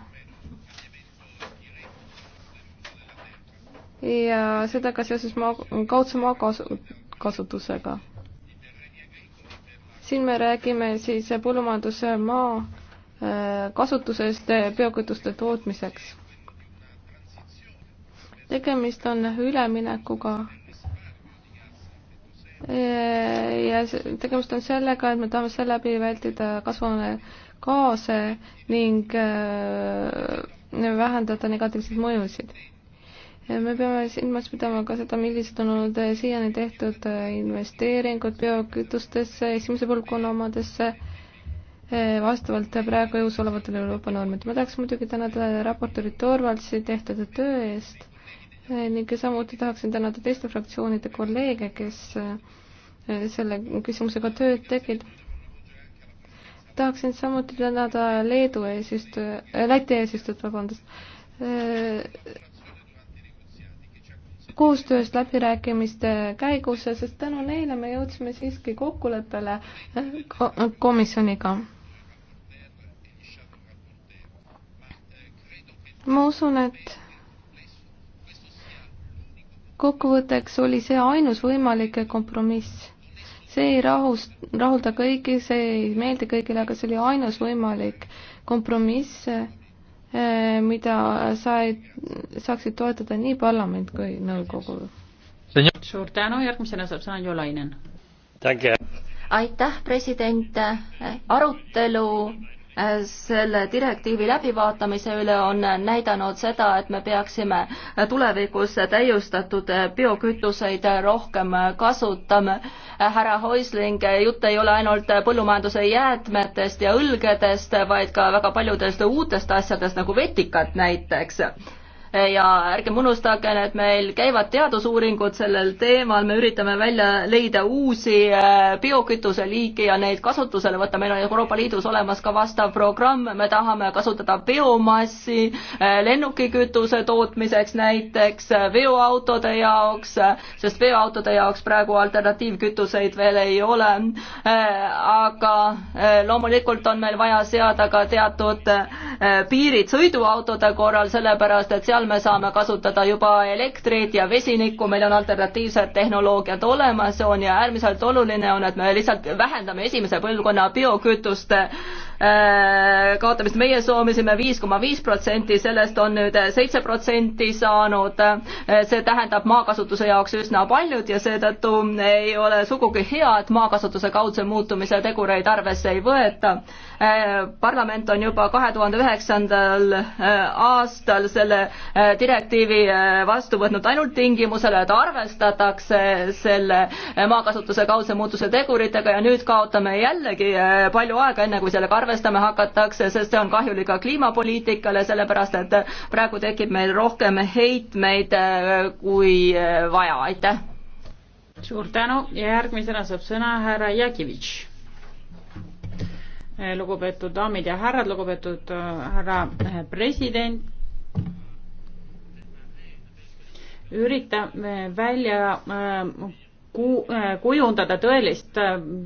ja seda ka seoses maa, kaudse maakasutusega kasu siin me räägime siis põllumajandusmaa äh, kasutusest äh, biokütuste tootmiseks. tegemist on üleminekuga äh, ja tegemist on sellega, et me tahame seeläbi vältida kasvuhoonegaase ning vähendada negatiivseid mõjusid me peame silmas pidama ka seda, millised on olnud eh, siiani tehtud eh, investeeringud biokütustesse, esimese põlvkonna omadesse, eh, vastavalt praegu jõus olevatele Euroopa normidele. ma tahaks muidugi tänada raportööri Torvaldsi tehtud töö eest ning samuti tahaksin tänada teiste fraktsioonide kolleege, kes selle küsimusega tööd tegid tahaksin samuti tänada Leedu eesistujat, Läti eesistujat, vabandust, koostööst läbirääkimiste käigus, sest tänu neile me jõudsime siiski kokkuleppele komisjoniga. ma usun, et kokkuvõtteks oli see ainus võimalik kompromiss. see ei rahus, rahulda kõiki, see ei meeldi kõigile, aga see oli ainus võimalik kompromiss Eh, mida sai, saaksid toetada nii parlament kui nõukogu. suur tänu, järgmisena saab sõna Jolainen. aitäh, president, arutelu selle direktiivi läbivaatamise üle on näidanud seda, et me peaksime tulevikus täiustatud biokütuseid rohkem kasutama. härra Häusling, jutt ei ole ainult põllumajanduse jäätmetest ja õlgedest, vaid ka väga paljudest uutest asjadest nagu vetikad näiteks ja ärgem unustagem, et meil käivad teadusuuringud sellel teemal, me üritame välja leida uusi äh, biokütuse liike ja neid kasutusele võtta, meil on Euroopa Liidus olemas ka vastav programm, me tahame kasutada biomassi äh, lennukikütuse tootmiseks näiteks, äh, veoautode jaoks, sest veoautode jaoks praegu alternatiivkütuseid veel ei ole, aga loomulikult on meil vaja seada ka teatud piirid sõiduautode korral, sellepärast et seal mujal me saame kasutada juba elektrit ja vesinikku, meil on alternatiivsed tehnoloogiad olemas, on ja äärmiselt oluline on, et me lihtsalt vähendame esimese põlvkonna biokütuste Äh, kaotamist, meie soovisime viis koma viis protsenti, sellest on nüüd seitse protsenti saanud. Äh, see tähendab maakasutuse jaoks üsna paljud ja seetõttu ei ole sugugi hea, et maakasutuse kaudse muutumise tegureid arvesse ei võeta. Äh, parlament on juba kahe tuhande üheksandal aastal selle direktiivi vastu võtnud ainult tingimusele, et arvestatakse selle maakasutuse kaudse muutuse teguritega ja nüüd kaotame jällegi palju aega, enne kui sellega arvestatakse arvestama hakatakse, sest see on kahjulik ka kliimapoliitikale, sellepärast et praegu tekib meil rohkem heitmeid äh, kui äh, vaja, aitäh. suur tänu ja järgmisena saab sõna härra Jakivitš. Äh, lugupeetud daamid ja härrad, lugupeetud härra president, üritame välja kujundada tõelist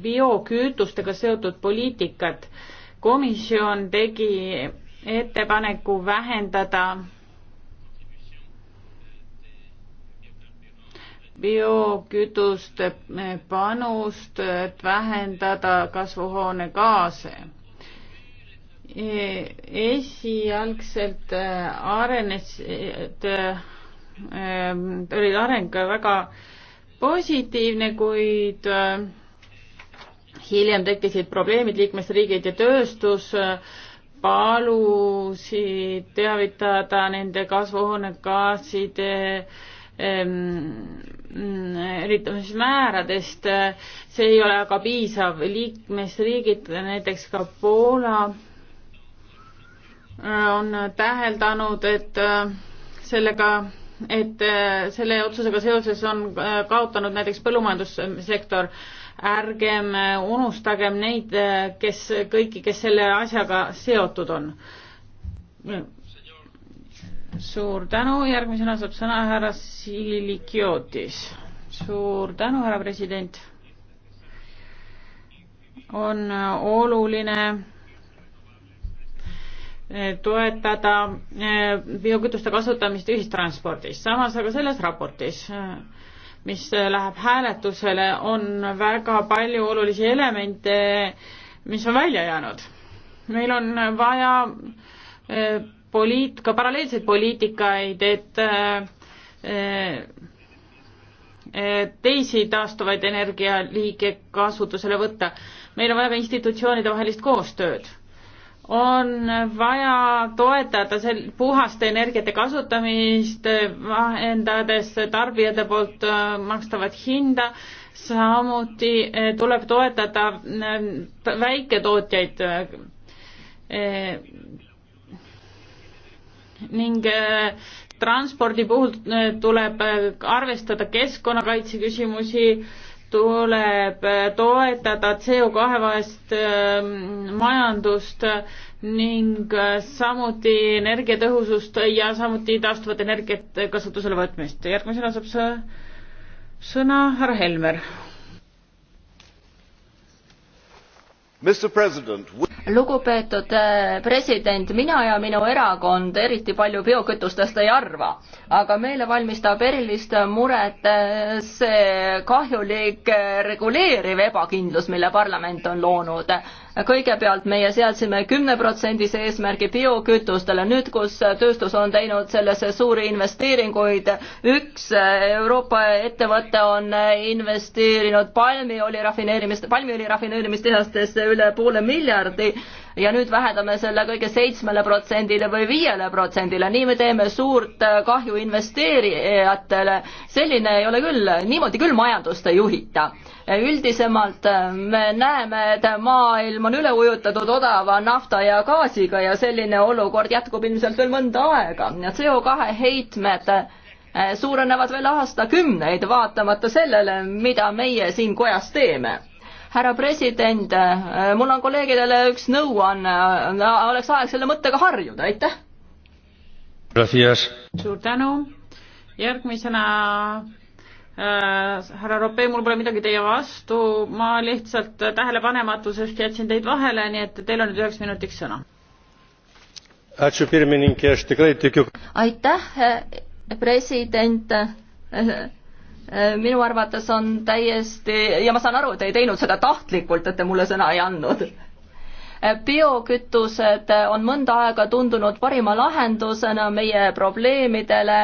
biokütustega seotud poliitikat komisjon tegi ettepaneku vähendada biokütuste panust, et vähendada kasvuhoonegaase. esialgselt äh, arenes, äh, ähm, oli areng väga positiivne, kuid äh, hiljem tekkisid probleemid, liikmesriigid ja tööstus palusid teavitada nende kasvuhoonegaaside ehm, eritamismääradest, see ei ole aga piisav, liikmesriigid, näiteks ka Poola, on täheldanud, et sellega, et selle otsusega seoses on kaotanud näiteks põllumajandussektor ärgem unustagem neid, kes, kõiki, kes selle asjaga seotud on. suur tänu, järgmisena saab sõna härra Silikiotis. suur tänu, härra president. on oluline toetada biokütuste kasutamist ühistranspordis, samas aga selles raportis äh, mis läheb hääletusele, on väga palju olulisi elemente, mis on välja jäänud. meil on vaja eh, poliit-, ka paralleelseid poliitikaid, et eh, eh, teisi taastuvaid energialiike kasutusele võtta. meil on vaja ka institutsioonide vahelist koostööd on vaja toetada sel-, puhaste energiate kasutamist, vahendades tarbijate poolt äh, makstavat hinda, samuti äh, tuleb toetada äh, väiketootjaid ning transpordi puhul tuleb arvestada keskkonnakaitse küsimusi, tuleb toetada CO kahe vaest ähm, majandust ning äh, samuti energiatõhusust ja samuti taastuvat energiat kasutusele võtmist. järgmisena saab sõna härra Helmer lugupeetud äh, president, mina ja minu erakond eriti palju biokütustest ei arva, aga meile valmistab erilist muret äh, see kahjulik äh, reguleeriv ebakindlus, mille parlament on loonud kõigepealt meie seadsime kümneprotsendise eesmärgi biokütustele, nüüd kus tööstus on teinud sellesse suuri investeeringuid, üks Euroopa ettevõte on investeerinud palmiõli rafineerimist, palmiõli rafineerimistehastesse üle poole miljardi ja nüüd vähendame selle kõige seitsmele protsendile või viiele protsendile, nii me teeme suurt kahju investeerijatele, selline ei ole küll, niimoodi küll majandust ei juhita üldisemalt äh, me näeme, et maailm on üle ujutatud odava nafta ja gaasiga ja selline olukord jätkub ilmselt veel mõnda aega. CO2 heitmed äh, suurenevad veel aastakümneid, vaatamata sellele, mida meie siin kojas teeme härra president, äh, mul on kolleegidele üks nõuanne, oleks aeg selle mõttega harjuda, aitäh. suur tänu, järgmisena Äh, härra Ropei, mul pole midagi teie vastu, ma lihtsalt tähelepanematusest jätsin teid vahele, nii et teil on nüüd üheks minutiks sõna. aitäh, president minu arvates on täiesti ja ma saan aru, te ei teinud seda tahtlikult, et te mulle sõna ei andnud. biokütused on mõnda aega tundunud parima lahendusena meie probleemidele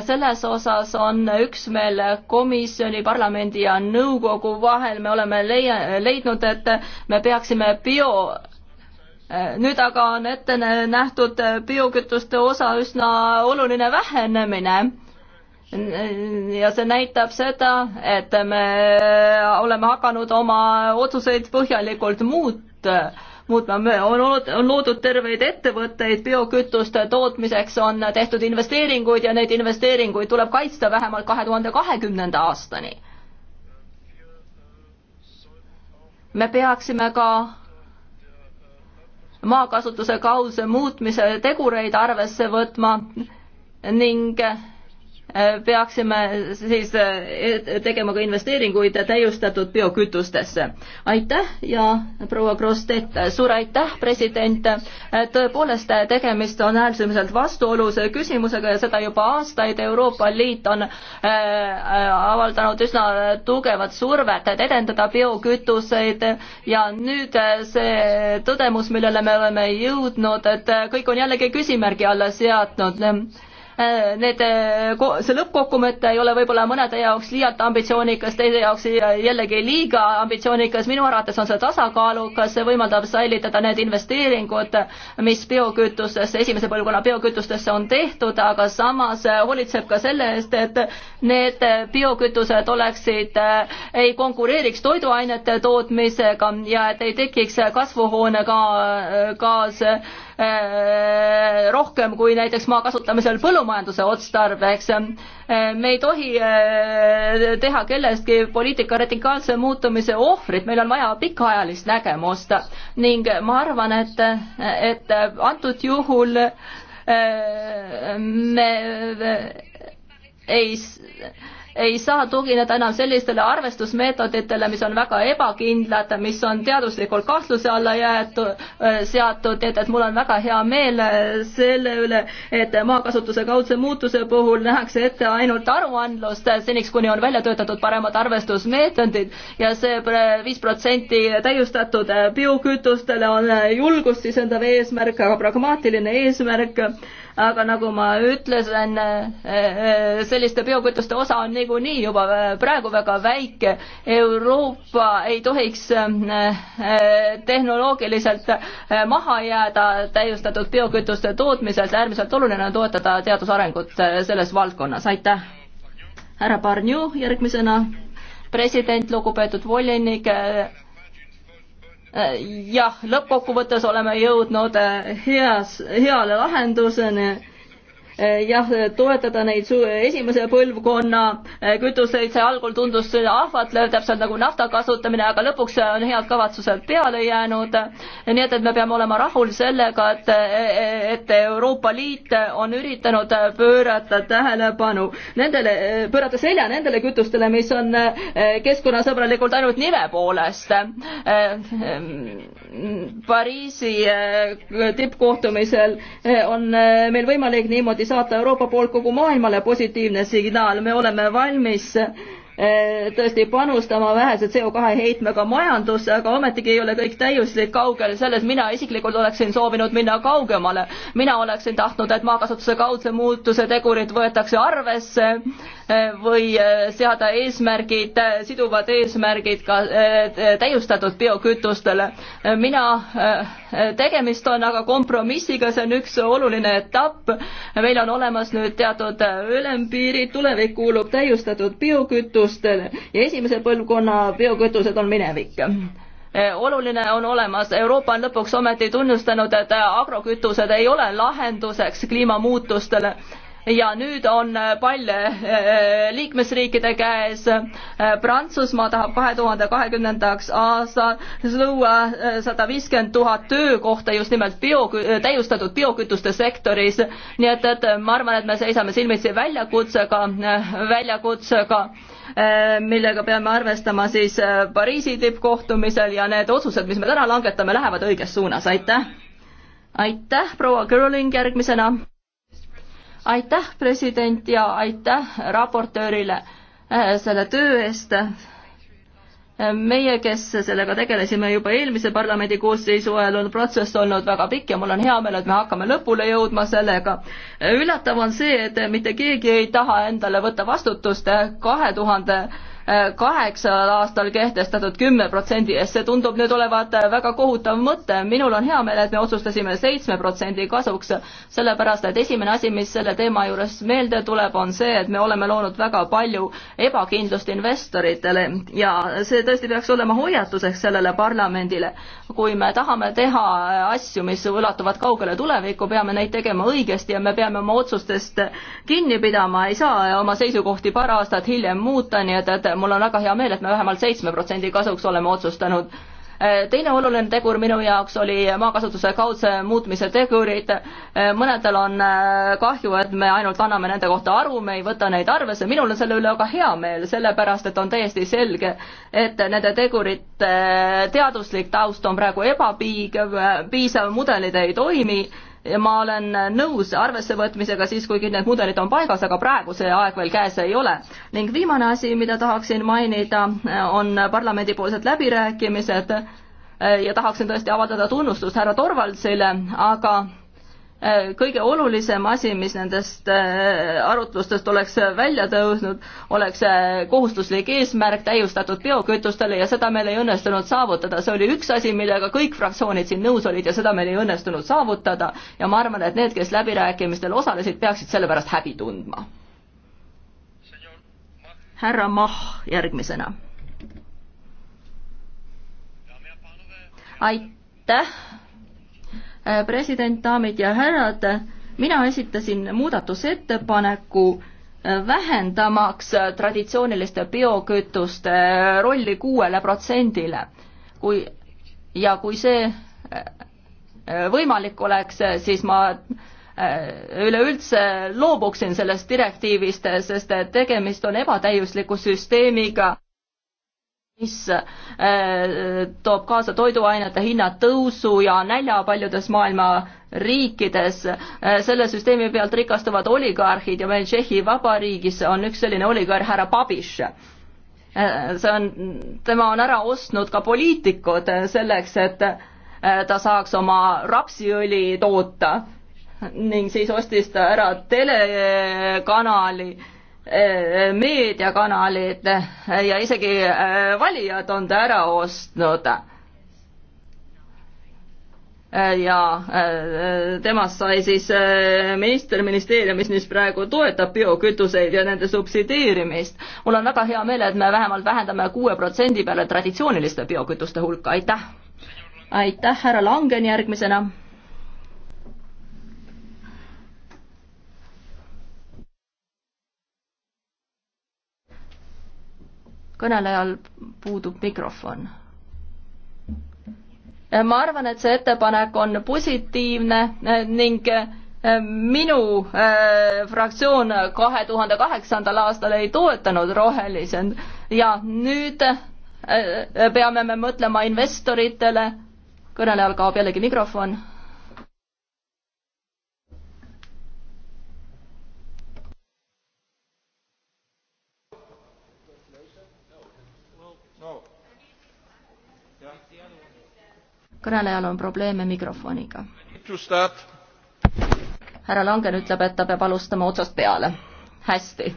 selles osas on üksmeel komisjoni, parlamendi ja nõukogu vahel, me oleme leia-, leidnud, et me peaksime bio nüüd aga on ette nähtud biokütuste osa üsna oluline vähenemine ja see näitab seda, et me oleme hakanud oma otsuseid põhjalikult muutma muutma, on, on loodud terveid ettevõtteid biokütuste tootmiseks, on tehtud investeeringuid ja neid investeeringuid tuleb kaitsta vähemalt kahe tuhande kahekümnenda aastani. me peaksime ka maakasutuse kaudu muutmise tegureid arvesse võtma ning peaksime siis eh, tegema ka investeeringuid täiustatud biokütustesse. aitäh ja proua Krossett, suur aitäh, president. tõepoolest, tegemist on äärmiselt vastuolulise küsimusega ja seda juba aastaid. Euroopa Liit on eh, avaldanud üsna tugevat survet, et edendada biokütuseid ja nüüd see tõdemus, millele me oleme jõudnud, et kõik on jällegi küsimärgi alla seadnud Äh, need, äh, see lõppkokkuvõte ei ole võib-olla mõnede jaoks liialt ambitsioonikas, teise jaoks jällegi liiga ambitsioonikas, minu arvates on see tasakaalukas, see võimaldab säilitada need investeeringud, mis biokütusesse, esimese põlvkonna biokütustesse on tehtud, aga samas äh, hoolitseb ka selle eest, et need biokütused oleksid, ei konkureeriks toiduainete tootmisega ja et ei tekiks kasvuhoonegaas ka, Äh, rohkem kui näiteks maa kasutamisel põllumajanduse otstarbeks. Äh, me ei tohi äh, teha kellestki poliitika radikaalse muutumise ohvrit, meil on vaja pikaajalist nägemust ning ma arvan, et, et antud juhul me ei ei saa tugineda enam sellistele arvestusmeetoditele, mis on väga ebakindlad, mis on teaduslikult kahtluse alla jäetud, äh, seatud, et, et mul on väga hea meel äh, selle üle, et maakasutuse kaudse muutuse puhul nähakse ette ainult aruandlust äh, seniks, kuni on välja töötatud paremad arvestusmeetodid ja see viis protsenti täiustatud biokütustele on julgust sisendav eesmärk, aga pragmaatiline eesmärk aga nagu ma ütlesin, äh, äh, selliste biokütuste osa on niikuinii juba äh, praegu väga väike. Euroopa ei tohiks tehnoloogiliselt maha jääda täiustatud biokütuste tootmiselt, äärmiselt oluline on toetada teadusarengut selles valdkonnas, aitäh. härra Barnju järgmisena, president, lugupeetud volinik Äh, jah, lõppkokkuvõttes oleme jõudnud äh, heas, heale lahenduseni Eh, jah, toetada neid esimese põlvkonna eh, kütuseid, see algul tundus ahvatlev, täpselt nagu nafta kasutamine, aga lõpuks eh, on head kavatsused peale jäänud. nii et, et me peame olema rahul sellega, et, et Euroopa Liit on üritanud pöörata tähelepanu nendele, pöörata selja nendele kütustele, mis on keskkonnasõbralikud ainult nime poolest. Mm, Pariisi tippkohtumisel on meil võimalik niimoodi saata Euroopa poolt kogu maailmale positiivne signaal, me oleme valmis eh, tõesti panustama vähese CO2 heitmega majandusse, aga ometigi ei ole kõik täiuslik kaugel, selles mina isiklikult oleksin soovinud minna kaugemale. mina oleksin tahtnud, et maakasutuse kaudse muutuse tegurid võetakse arvesse või äh, seada eesmärgid, äh, siduvad eesmärgid ka äh, täiustatud biokütustele. mina, tegemist on aga kompromissiga, see on üks oluline etapp, meil on olemas nüüd teatud ülempiirid, tulevik kuulub täiustatud biokütustele ja esimese põlvkonna biokütused on minevik oluline on olemas, Euroopa on lõpuks ometi tunnustanud, et agrokütused ei ole lahenduseks kliimamuutustele ja nüüd on äh, pall äh, äh, liikmesriikide käes. Prantsusmaa tahab kahe tuhande kahekümnendaks aastaks luua sada viiskümmend tuhat töökohta just nimelt bio, täiustatud biokütuste sektoris. nii et, et ma arvan, et me seisame silmitsi väljakutsega, väljakutsega, millega peame arvestama siis Pariisi tippkohtumisel ja need otsused, mis me täna langetame, lähevad õiges suunas, aitäh! aitäh, proua Girling, järgmisena! aitäh, president, ja aitäh raportöörile äh, selle töö eest. Äh, meie, kes sellega tegelesime juba eelmise parlamendi koosseisu ajal, on protsess olnud väga pikk ja mul on hea meel, et me hakkame lõpule jõudma sellega. üllatav on see, et mitte keegi ei taha endale võtta vastutust kahe tuhande 2000 kaheksal aastal kehtestatud kümme protsendi eest, see tundub nüüd olevat väga kohutav mõte, minul on hea meel, et me otsustasime seitsme protsendi kasuks, sellepärast et esimene asi, mis selle teema juures meelde tuleb, on see, et me oleme loonud väga palju ebakindlust investoritele ja see tõesti peaks olema hoiatuseks sellele parlamendile. kui me tahame teha asju, mis ulatuvad kaugele tulevikku, peame neid tegema õigesti ja me peame oma otsustest kinni pidama, ei saa oma seisukohti paar aastat hiljem muuta, nii et, et mul on väga hea meel, et me vähemalt seitsme protsendi kasuks oleme otsustanud eh, teine oluline tegur minu jaoks oli maakasutuse kaudse muutmise tegurid. Eh, mõnedel on eh, kahju, et me ainult anname nende kohta aru, me ei võta neid arvesse, minul on selle üle väga hea meel, sellepärast et on täiesti selge, et nende tegurite teaduslik taust on praegu ebapiisav, mudelid ei toimi ja ma olen nõus arvessevõtmisega siis, kui kõik need mudelid on paigas, aga praegu see aeg veel käes ei ole. ning viimane asi, mida tahaksin mainida, on parlamendipoolsed läbirääkimised ja tahaksin tõesti avaldada tunnustust härra Torvaldsile, aga Äh, kõige olulisem asi, mis nendest äh, arutlustest oleks äh, välja tõusnud, oleks kohustuslik eesmärk täiustatud biokütustele ja seda meil ei õnnestunud saavutada. see oli üks asi, millega kõik fraktsioonid siin nõus olid ja seda meil ei õnnestunud saavutada ja ma arvan, et need, kes läbirääkimistel osalesid, peaksid selle pärast häbi tundma. härra Mah järgmisena. aitäh Äh, president, daamid ja härrad, mina esitasin muudatusettepaneku äh, vähendamaks äh, traditsiooniliste biokütuste rolli kuuele protsendile. kui, ja kui see võimalik oleks, siis ma üleüldse loobuksin sellest direktiivist, sest tegemist on ebatäiusliku süsteemiga mis äh, toob kaasa toiduainete hinnad tõusu ja nälja paljudes maailma riikides. Äh, selle süsteemi pealt rikastuvad oligarhid ja meil Tšehhi Vabariigis on üks selline oligarh, härra Babiš. Äh, see on, tema on ära ostnud ka poliitikud selleks, et ta saaks oma rapsiõli toota ning siis ostis ta ära telekanali Eh, meediakanalid ja isegi eh, valijad on ta ära ostnud. Eh, ja temast sai siis minister ministeeriumis, mis praegu toetab biokütuseid ja nende subsideerimist. mul on väga hea meel, et me vähemalt vähendame kuue protsendi peale traditsiooniliste biokütuste hulka, aitäh! aitäh, härra Langen järgmisena kõnelejal puudub mikrofon. Äh, ma arvan, et see ettepanek on positiivne äh, ning äh, minu äh, fraktsioon kahe tuhande kaheksandal aastal ei toetanud rohelised ja nüüd äh, peame me mõtlema investoritele, kõnelejal kaob jällegi mikrofon kõnelejal on probleeme mikrofoniga. härra Langen ütleb, et ta peab alustama otsast peale. hästi.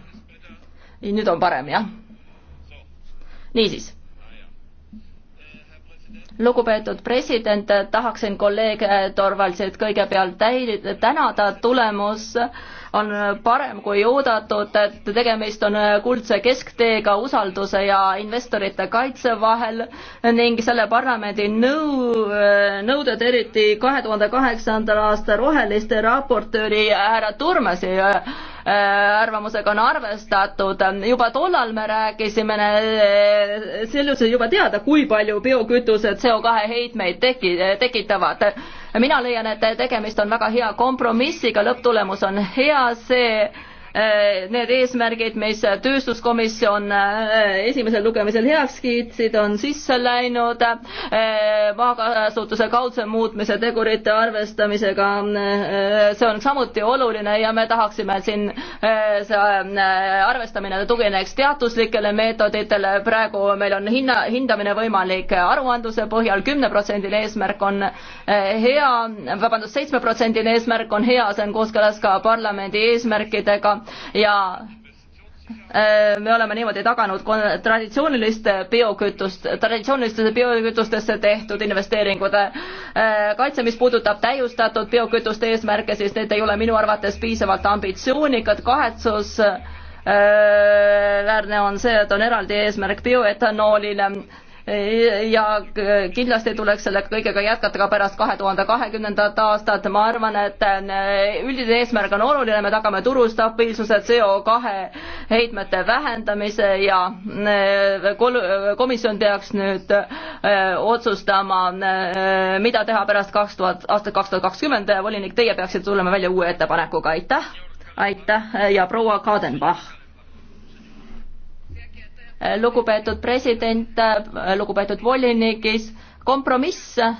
nüüd on parem, jah? niisiis lugupeetud president, tahaksin kolleeg Torvaldsit kõigepealt täi-, tänada, tulemus on parem kui oodatud, et tegemist on kuldse keskteega usalduse ja investorite kaitse vahel ning selle parlamendi nõu, nõuded eriti kahe tuhande kaheksandal aastal roheliste raportööri härra Turmasi Äh, arvamusega on arvestatud. juba tollal me rääkisime, äh, selles oli juba teada, kui palju biokütused CO2 heitmeid teki-, tekitavad. mina leian, et tegemist on väga hea kompromissiga, lõpptulemus on hea, see Äh, need eesmärgid, mis tööstuskomisjon äh, esimesel lugemisel heaks kiitsid, on sisse läinud äh, maakasutuse kaudse muutmise tegurite arvestamisega. see on samuti oluline ja me tahaksime, et siin see arvestamine tugineks teaduslikele meetoditele. praegu meil on hinna, hindamine võimalik aruandluse põhjal, kümneprotsendine eesmärk on hea, vabandust, seitsmeprotsendine eesmärk on hea, see on kooskõlas ka parlamendi eesmärkidega ja äh, me oleme niimoodi taganud traditsiooniliste biokütust, traditsioonilistesse biokütustesse tehtud investeeringud. Äh, kaitse, mis puudutab täiustatud biokütuste eesmärke, siis need ei ole minu arvates piisavalt ambitsioonikad, kahetsus äh, väärne on see, et on eraldi eesmärk bioetanoolile ja kindlasti tuleks selle kõigega jätkata ka pärast kahe tuhande kahekümnendat aastat, ma arvan, et äh, üldine eesmärk on oluline, me tagame turustabiilsuse, CO kahe heitmete vähendamise ja äh, komisjon peaks nüüd äh, otsustama, mida teha pärast kaks tuhat, aastat kaks tuhat kakskümmend, volinik, teie peaksite tulema välja uue ettepanekuga, aitäh! aitäh ja proua Kadenbach! Äh, lugupeetud president, äh, lugupeetud volinikis, kompromiss äh,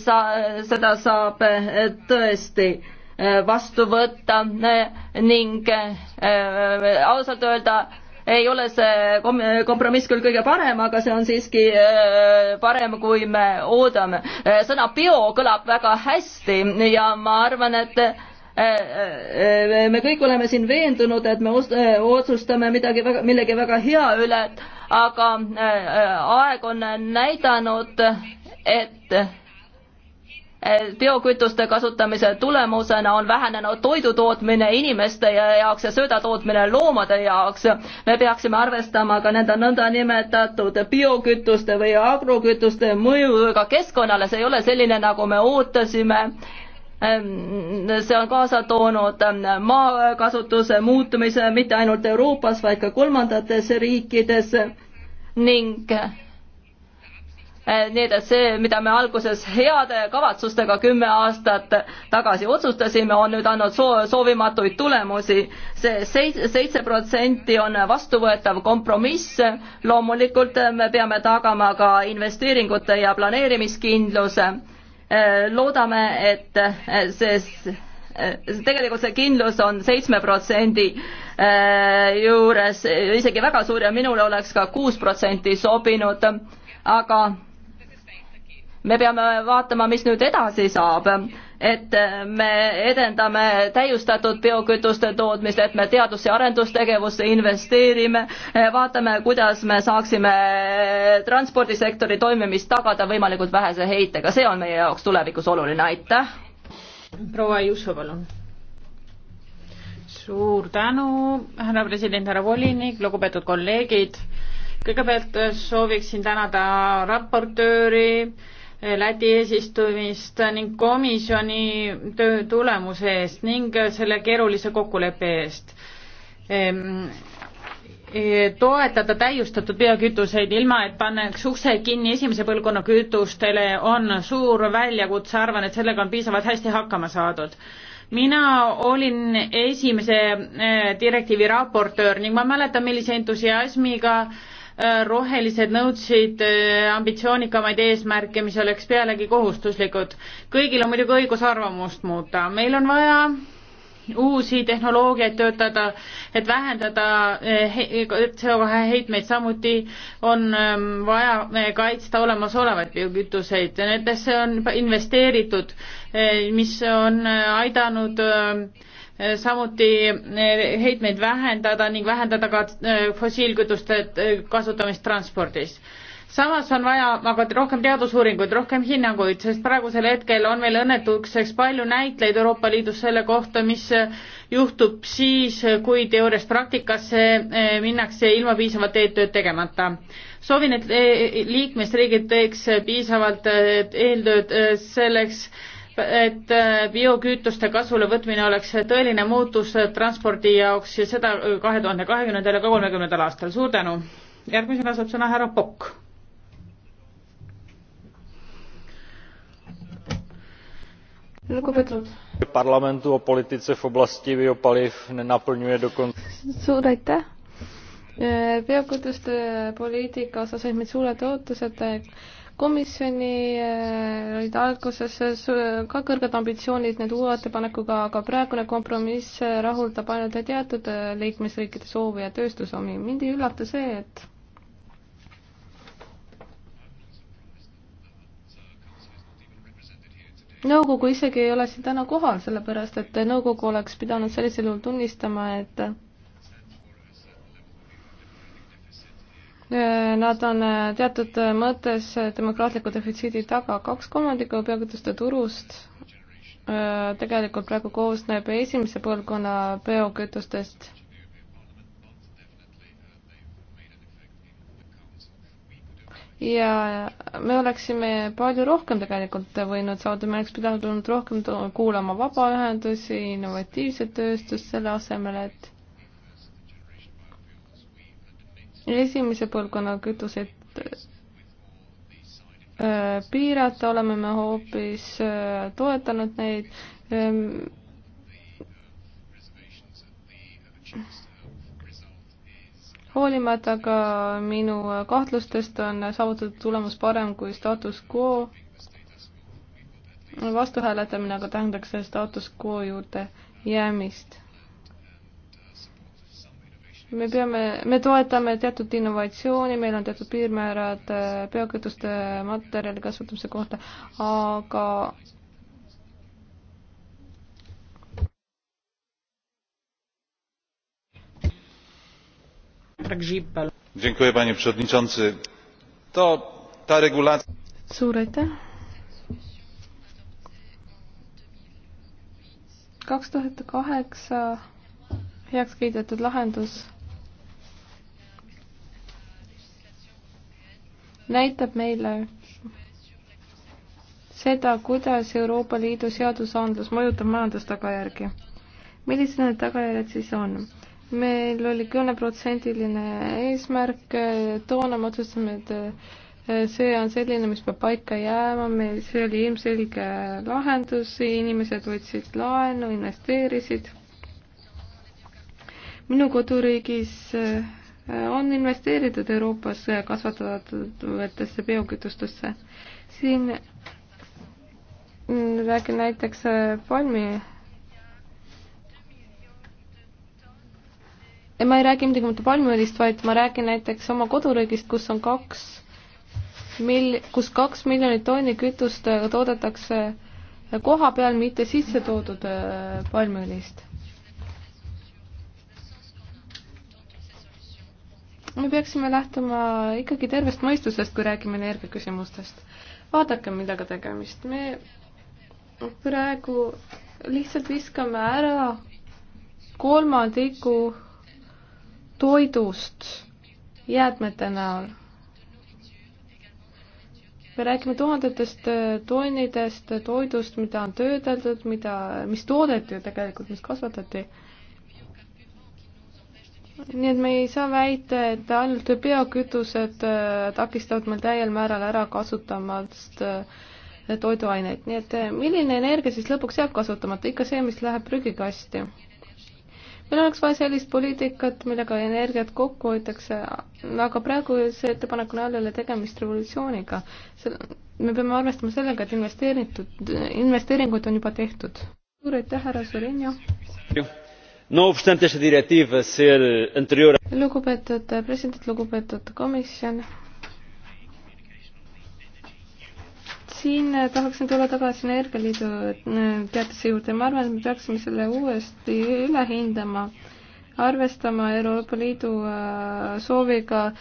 sa, seda saab tõesti vastu võtta ning ausalt öelda ei ole see kompromiss küll kõige parem, aga see on siiski parem, kui me oodame. sõna bio kõlab väga hästi ja ma arvan, et Äh, äh, äh, me kõik oleme siin veendunud, et me otsustame midagi väga, millegi väga hea üle, aga aeg on näidanud, et biokütuste kasutamise tulemusena on vähenenud toidutootmine inimeste jaoks ja söödatootmine loomade jaoks. me peaksime arvestama ka nende nõndanimetatud biokütuste või agrokütuste mõjuga keskkonnale, see ei ole selline, nagu me ootasime Ähm, see on kaasa toonud ähm, maakasutuse muutumise mitte ainult Euroopas, vaid ka kolmandates riikides ning äh, nii et see, mida me alguses heade kavatsustega kümme aastat tagasi otsustasime, on nüüd andnud soo-, soovimatuid tulemusi. see seitse, seitse protsenti on vastuvõetav kompromiss, loomulikult äh, me peame tagama ka investeeringute ja planeerimiskindluse Äh, loodame, et äh, see äh, tegelikult see kindlus on seitsme protsendi juures isegi väga suur ja minule oleks ka kuus protsenti sobinud, aga me peame vaatama, mis nüüd edasi saab et me edendame täiustatud biokütuste tootmist, et me teadus- ja arendustegevusse investeerime, vaatame, kuidas me saaksime transpordisektori toimimist tagada võimalikult vähese heitega, see on meie jaoks tulevikus oluline, aitäh! proua Jusso, palun! suur tänu, härra president, härra volinik, lugupeetud kolleegid, kõigepealt sooviksin tänada raportööri, Läti eesistumist ning komisjoni töö tulemuse eest ning selle keerulise kokkuleppe eest ehm, e, toetada täiustatud biokütuseid ilma, et pannaks ukse kinni esimese põlvkonna kütustele, on suur väljakutse, arvan, et sellega on piisavalt hästi hakkama saadud. mina olin esimese e, direktiivi raportöör ning ma mäletan, millise entusiasmiga äh, Äh, rohelised nõudsid äh, ambitsioonikamaid eesmärke, mis oleks pealegi kohustuslikud. kõigil on muidugi õigus arvamust muuta, meil on vaja uusi tehnoloogiaid töötada, et vähendada äh, CO2 heitmeid, samuti on ähm, vaja kaitsta olemasolevaid biokütuseid, nendesse on investeeritud, mis on aidanud äh, Äh, samuti äh, heitmeid vähendada ning vähendada ka äh, fossiilkütuste kasutamist transpordis samas on vaja aga rohkem teadusuuringuid, rohkem hinnanguid, sest praegusel hetkel on meil õnnetuseks palju näitleid Euroopa Liidus selle kohta, mis juhtub siis, kui teooriast praktikasse minnakse ilma piisavat eeltööd tegemata. soovin, et liikmesriigid teeks piisavalt eeltööd selleks, et äh, biokütuste kasulevõtmine oleks tõeline muutus transpordi jaoks ja seda äh, kahe tuhande kahekümnendal ja ka kolmekümnendal aastal. suur tänu. järgmisena saab sõna härra Pokk. lugupeetud. parlamendu o politice v oblasti biopaliv nenaplňuje dokon-. suur aitäh äh, biokütuste poliitika osas olid meil suured ootused komisjoni eh, olid alguses eh, ka kõrged ambitsioonid nüüd uue ettepanekuga, aga praegune kompromiss eh, rahuldab ainult teatud liikmesriikide soovi ja tööstusomi. mind ei üllata see, et nõukogu isegi ei ole siin täna kohal, sellepärast et nõukogu oleks pidanud sellisel juhul tunnistama, et Nad on äh, teatud äh, mõttes äh, demokraatliku defitsiidi taga. kaks kolmandikku biokütuste turust tegelikult praegu koosneb esimese põlvkonna biokütustest ja me oleksime palju rohkem tegelikult võinud saada, me oleks pidanud olnud rohkem kuulama vabaühendusi, innovatiivset tööstust selle asemel, et esimese põlvkonna kütuseid äh, piirata, oleme me hoopis äh, toetanud neid. Ähm, hoolimata ka minu kahtlustest on saavutatud tulemus parem kui status quo. vastuhääletamine aga tähendaks status quo juurde jäämist me peame, me toetame teatud innovatsiooni, meil on teatud piirmäärad äh, biokütuste materjali kasutamise kohta, aga Dziękuję panie przewodniczący. To ta regulacja. Suur aitäh. kaks tuhat kaheksa heaks kiidetud lahendus näitab meile seda, kuidas Euroopa Liidu seadusandlus mõjutab majandustagajärgi. millised need tagajärjed siis on? meil oli kümneprotsendiline eesmärk, toona me otsustasime, et see on selline, mis peab paika jääma, meil, see oli ilmselge lahendus, inimesed võtsid laenu, investeerisid. minu koduriigis on investeeritud Euroopas kasvatatavatesse biokütustesse. siin räägin näiteks äh, palmi ma ei räägi midagi mitte palmiõlist, vaid ma räägin näiteks oma koduriigist, kus on kaks mil-, kus kaks miljonit tonni kütust toodetakse koha peal, mitte sisse toodud äh, palmiõlist me peaksime lähtuma ikkagi tervest mõistusest, kui räägime energiaküsimustest. vaadake, millega tegemist. me praegu lihtsalt viskame ära kolmandiku toidust jäätmete näol me räägime tuhandetest äh, tonnidest toidust, mida on töödeldud, mida, mis toodeti ju tegelikult, mis kasvatati nii et me ei saa väita, et ainult biokütused äh, takistavad meil täiel määral ära kasutamast äh, toiduaineid, nii et äh, milline energia siis lõpuks jääb kasutamata, ikka see, mis läheb prügikasti. meil oleks vaja sellist poliitikat, millega energiat kokku hoitakse, aga praegu see ettepanek on jälle tegemist revolutsiooniga. me peame arvestama sellega, et investeeritud, investeeringud on juba tehtud. suur aitäh, härra Sorinio! no obstante see direktiiv ser anterior. lugupeetud president lugupeetud komisjon siin tahaksin tulla tagasi energialiidu äh, teatise juurde ma arvan et me peaksime selle uuesti üle hindama arvestama euroopa liidu äh, sooviga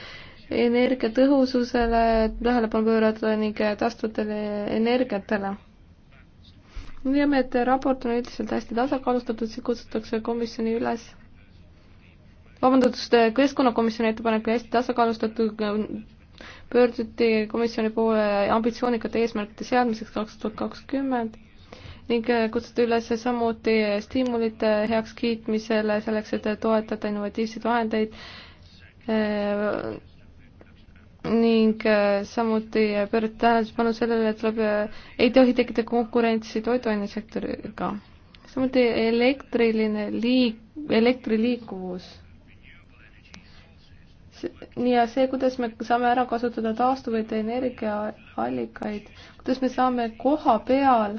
energiatõhususele tähelepanu pöörata ning äh, taastuvatele energiatele leiame, et raport on üldiselt hästi tasakaalustatud, siin kutsutakse komisjoni üles vabandust, keskkonnakomisjoni ettepanek oli hästi tasakaalustatud, pöörduti komisjoni poole ambitsioonikate eesmärkide seadmiseks kaks tuhat kakskümmend ning kutsuti üles samuti stiimulite heakskiitmisele selleks, et toetada innovatiivseid vahendeid ning äh, samuti äh, pöörata tähelepanu sellele, et tuleb, äh, ei tohi tekkida konkurentsi toiduainesektoriga. samuti elektriline liik-, elektriliikuvus. ja see, kuidas me saame ära kasutada taastuvaid energiaallikaid, kuidas me saame koha peal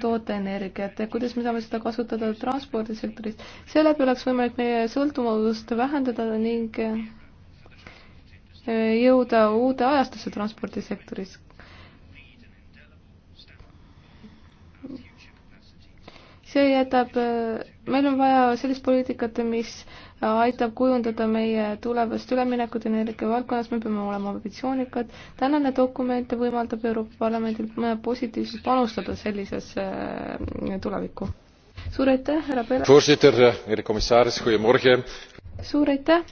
toota energiat ja kuidas me saame seda kasutada transpordisektoris. seeläbi oleks võimalik meie sõltuvust vähendada ning jõuda uude ajastusse transpordisektoris. see jätab, meil on vaja sellist poliitikat, mis aitab kujundada meie tulevast üleminekut energiavaldkonnas, me peame olema ambitsioonikad. tänane dokument võimaldab Euroopa Parlamendil positiivselt panustada sellisesse äh, tulevikku. suur aitäh, härra Pele. Eh, suur aitäh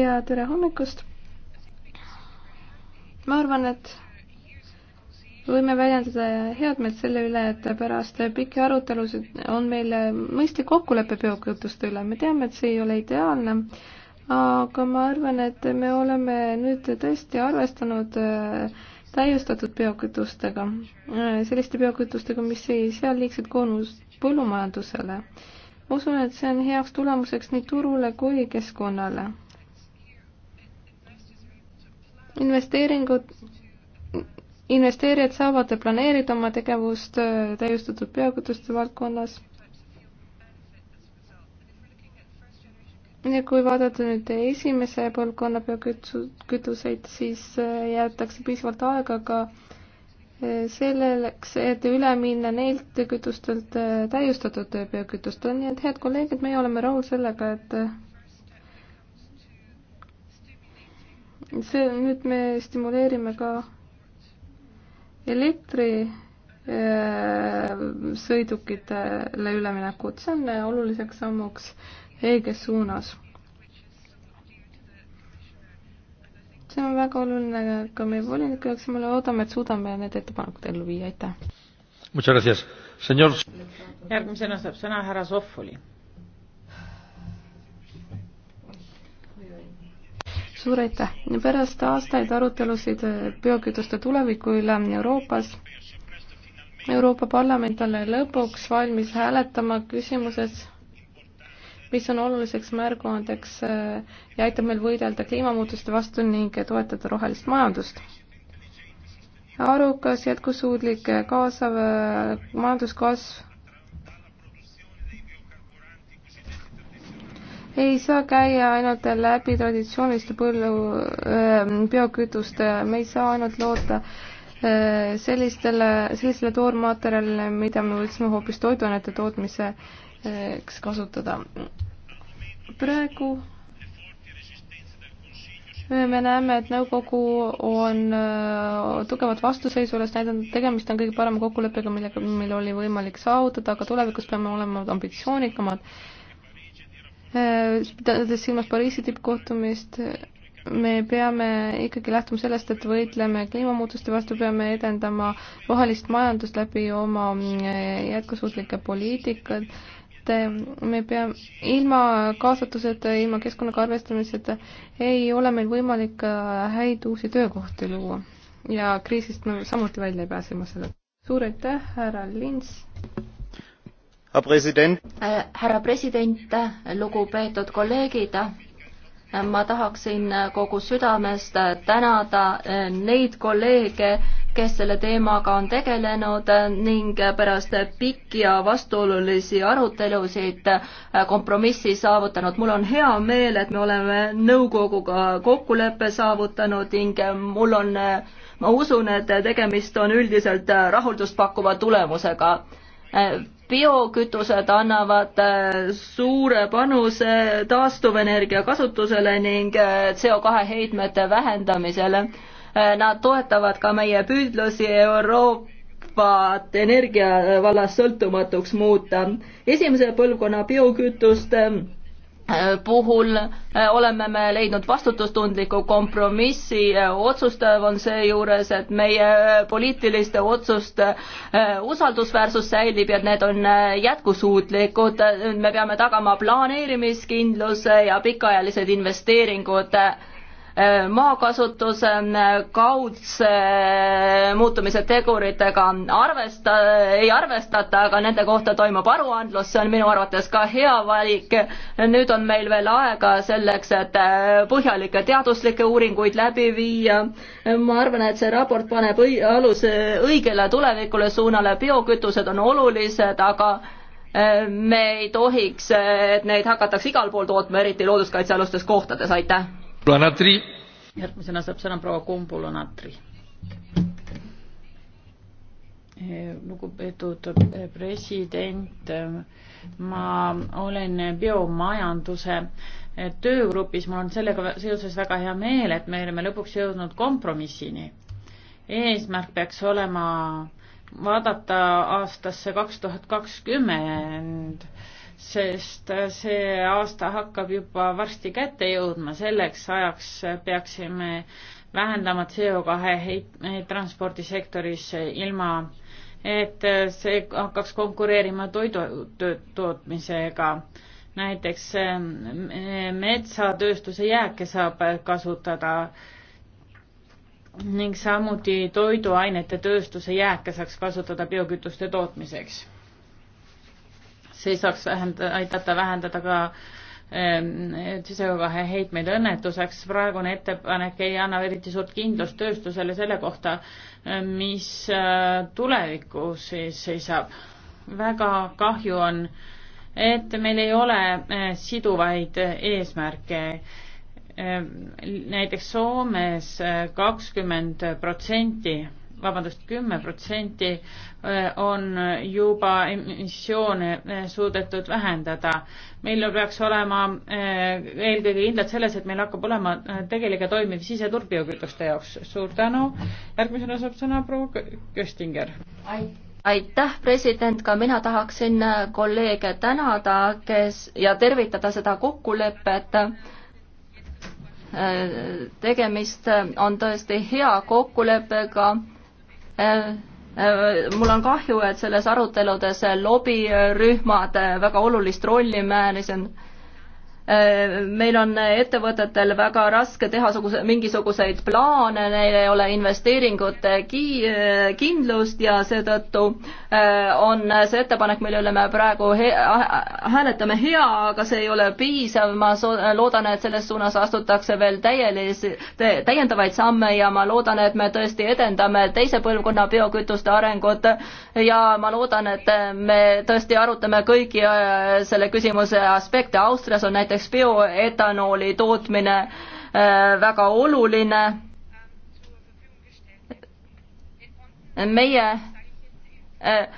ja tere hommikust ma arvan, et võime väljendada headmeelt selle üle, et pärast pikki arutelusid on meil mõistlik kokkulepe biokütuste üle, me teame, et see ei ole ideaalne, aga ma arvan, et me oleme nüüd tõesti arvestanud äh, täiustatud biokütustega, äh, selliste biokütustega, mis ei sea liigset koormust põllumajandusele. ma usun, et see on heaks tulemuseks nii turule kui keskkonnale investeeringud, investeerijad saavad planeerida oma tegevust äh, täiustatud peakütuste valdkonnas. ja kui vaadata nüüd esimese põlvkonna biokütsu-, kütuseid, siis äh, jäetakse piisavalt aega ka äh, selleks, et üle minna neilt kütustelt täiustatud biokütustele, nii et head kolleegid, meie oleme rahul sellega, et see, nüüd me stimuleerime ka elektrisõidukitele äh, üleminekut, see on äh, oluliseks sammuks õiges suunas. see on väga oluline ka meie volinike jaoks ja me loodame, et suudame need ettepanekud ellu viia, aitäh! järgmisena saab sõna härra Sohvoli suur aitäh! pärast aastaid arutelusid biokütuste tuleviku üle Euroopas Euroopa Parlament on lõpuks valmis hääletama küsimuses, mis on oluliseks märguandeks ja aitab meil võidelda kliimamuutuste vastu ning toetada rohelist majandust. arukas, jätkusuutlik, kaasav majanduskasv ei saa käia ainult läbi traditsiooniliste põllu ähm, biokütuste, me ei saa ainult loota äh, sellistele, sellisele toormaterjalile, mida me võiksime hoopis toiduainete tootmiseks kasutada. praegu me näeme, et nõukogu on äh, tugevat vastuseisu üles näidanud, tegemist on kõige parema kokkuleppega, millega meil oli võimalik saavutada, aga tulevikus peame olema ambitsioonikamad Äh, pidades silmas Pariisi tippkohtumist, me peame ikkagi lähtuma sellest, et võitleme kliimamuutuste vastu, peame edendama rohelist majandust läbi oma äh, jätkusuutlike poliitikad, me peame, ilma kaasatuseta, ilma keskkonnaga arvestamiseta ei ole meil võimalik äh, häid uusi töökohti luua. ja kriisist me samuti välja ei pääse ilma selleta. suur aitäh, härra Lins! Äh, härra president, lugupeetud kolleegid, ma tahaksin kogu südamest tänada äh, neid kolleege, kes selle teemaga on tegelenud ning pärast pikki ja vastuolulisi arutelusid äh, kompromissi saavutanud. mul on hea meel, et me oleme nõukoguga kokkuleppe saavutanud ning mul on, ma usun, et tegemist on üldiselt rahuldust pakkuva tulemusega biokütused annavad äh, suure panuse taastuvenergia kasutusele ning äh, CO2 heitmete vähendamisele. Äh, nad toetavad ka meie püüdlusi Euroopat energia vallas sõltumatuks muuta. esimese põlvkonna biokütuste puhul äh, oleme me leidnud vastutustundliku kompromissi, äh, otsustav on seejuures, et meie äh, poliitiliste otsuste usaldusväärsus säilib ja need on jätkusuutlikud. me peame tagama planeerimiskindluse ja pikaajalised investeeringud maakasutuse kaudse muutumise teguritega arvesta, ei arvestata, aga nende kohta toimub aruandlus, see on minu arvates ka hea valik. nüüd on meil veel aega selleks, et põhjalikke teaduslikke uuringuid läbi viia. ma arvan, et see raport paneb õi-, aluse õigele tulevikule suunale, biokütused on olulised, aga e, me ei tohiks, et neid hakatakse igal pool tootma, eriti looduskaitsealustes kohtades, aitäh! Planatri. järgmisena saab sõna proua Kumbula Natri. lugupeetud president, ma olen biomajanduse töögrupis, mul on sellega seoses väga hea meel, et me oleme lõpuks jõudnud kompromissini. eesmärk peaks olema vaadata aastasse kaks tuhat kakskümmend sest see aasta hakkab juba varsti kätte jõudma, selleks ajaks peaksime vähendama CO2 heitmeid transpordisektoris ilma, et see hakkaks konkureerima toidu tootmisega. näiteks ähm, metsatööstuse jääke saab kasutada ning samuti toiduainete tööstuse jääke saaks kasutada biokütuste tootmiseks see saaks vähenda, aidata vähendada ka ähm, CO2 heitmeid õnnetuseks. praegune ettepanek ei anna eriti suurt kindlust tööstusele selle kohta, äh, mis äh, tulevikus siis seisab. väga kahju on, et meil ei ole äh, siduvaid eesmärke ähm, näiteks Soomes kakskümmend protsenti vabandust, kümme protsenti eh, on juba emissioone eh, suudetud vähendada. meil peaks olema eh, eelkõige kindlad selles, et meil hakkab olema tegelik ja toimiv siseturg biokütuste jaoks. suur tänu, järgmisena saab sõna proua Köstinger. aitäh, president, ka mina tahaksin kolleege tänada, kes ja tervitada seda kokkulepet tegemist on tõesti hea kokkuleppega Äh, äh, mul on kahju, et selles aruteludes lobirühmad äh, väga olulist rolli määrisid meil on ettevõtetel väga raske teha suguse, mingisuguseid plaane, neil ei ole investeeringute ki-, kindlust ja seetõttu äh, on see ettepanek, mille üle me praegu he-, äh, hääletame hea, aga see ei ole piisav, ma so-, loodan, et selles suunas astutakse veel täielisi te,, täiendavaid samme ja ma loodan, et me tõesti edendame teise põlvkonna biokütuste arengut ja ma loodan, et me tõesti arutame kõiki äh, selle küsimuse aspekte, Austrias on näiteks oleks bioetanooli tootmine äh, väga oluline. meie äh, äh,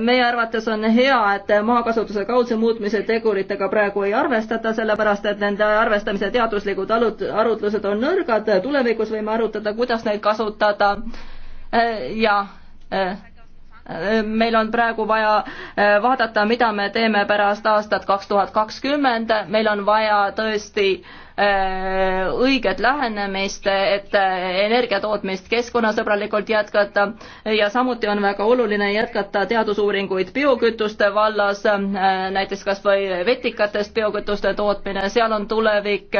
meie arvates on hea, et maakasutuse kaudse muutmise teguritega praegu ei arvestata, sellepärast et nende arvestamise teaduslikud alut-, arutlused on nõrgad, tulevikus võime arutada, kuidas neid kasutada ja meil on praegu vaja äh, vaadata, mida me teeme pärast aastat kaks tuhat kakskümmend, meil on vaja tõesti äh, õiget lähenemist, et äh, energiatootmist keskkonnasõbralikult jätkata ja samuti on väga oluline jätkata teadusuuringuid biokütuste vallas, näiteks kas või vetikatest biokütuste tootmine, seal on tulevik,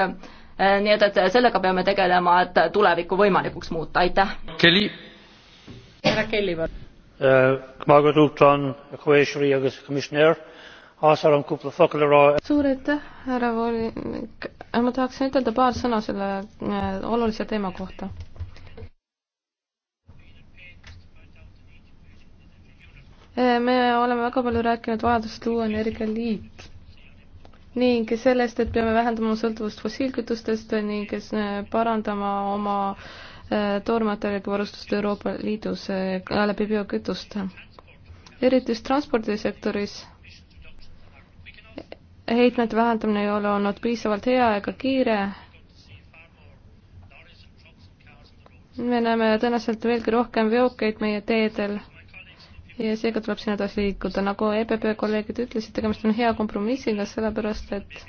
nii et, et sellega peame tegelema, et tulevikku võimalikuks muuta, aitäh. Kelly. härra Kelly, palun suur aitäh härra volinik ma tahaksin ütelda paar sõna selle olulise teema kohta me oleme väga palju rääkinud vajadusest luua energialiit ning sellest, et peame vähendama sõltuvust fossiilkütustest ning parandama oma äh, Äh, toormaterjaliga varustust Euroopa Liidus läbi biokütuste. eriti just transpordisektoris heitmete vähendamine ei ole olnud piisavalt hea ega kiire. me näeme tõenäoliselt veelgi rohkem veokeid meie teedel ja seega tuleb siin edasi liikuda, nagu EPP kolleegid ütlesid, tegemist on hea kompromissiga, sellepärast et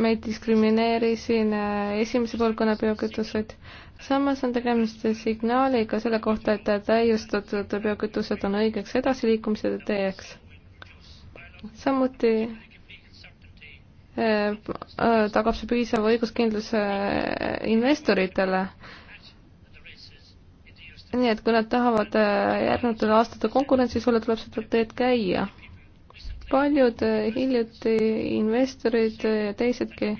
meid diskrimineerisin äh, esimese põlvkonna biokütuseid. samas on tegemist signaaliga selle kohta, et täiustatud biokütused on õigeks edasiliikumise teeks. samuti äh, äh, tagab see piisava õiguskindluse investoritele. nii et kui nad tahavad järgnevatel aastatel konkurentsis olla, tuleb seda teed käia paljud eh, hiljuti investorid eh, ja teisedki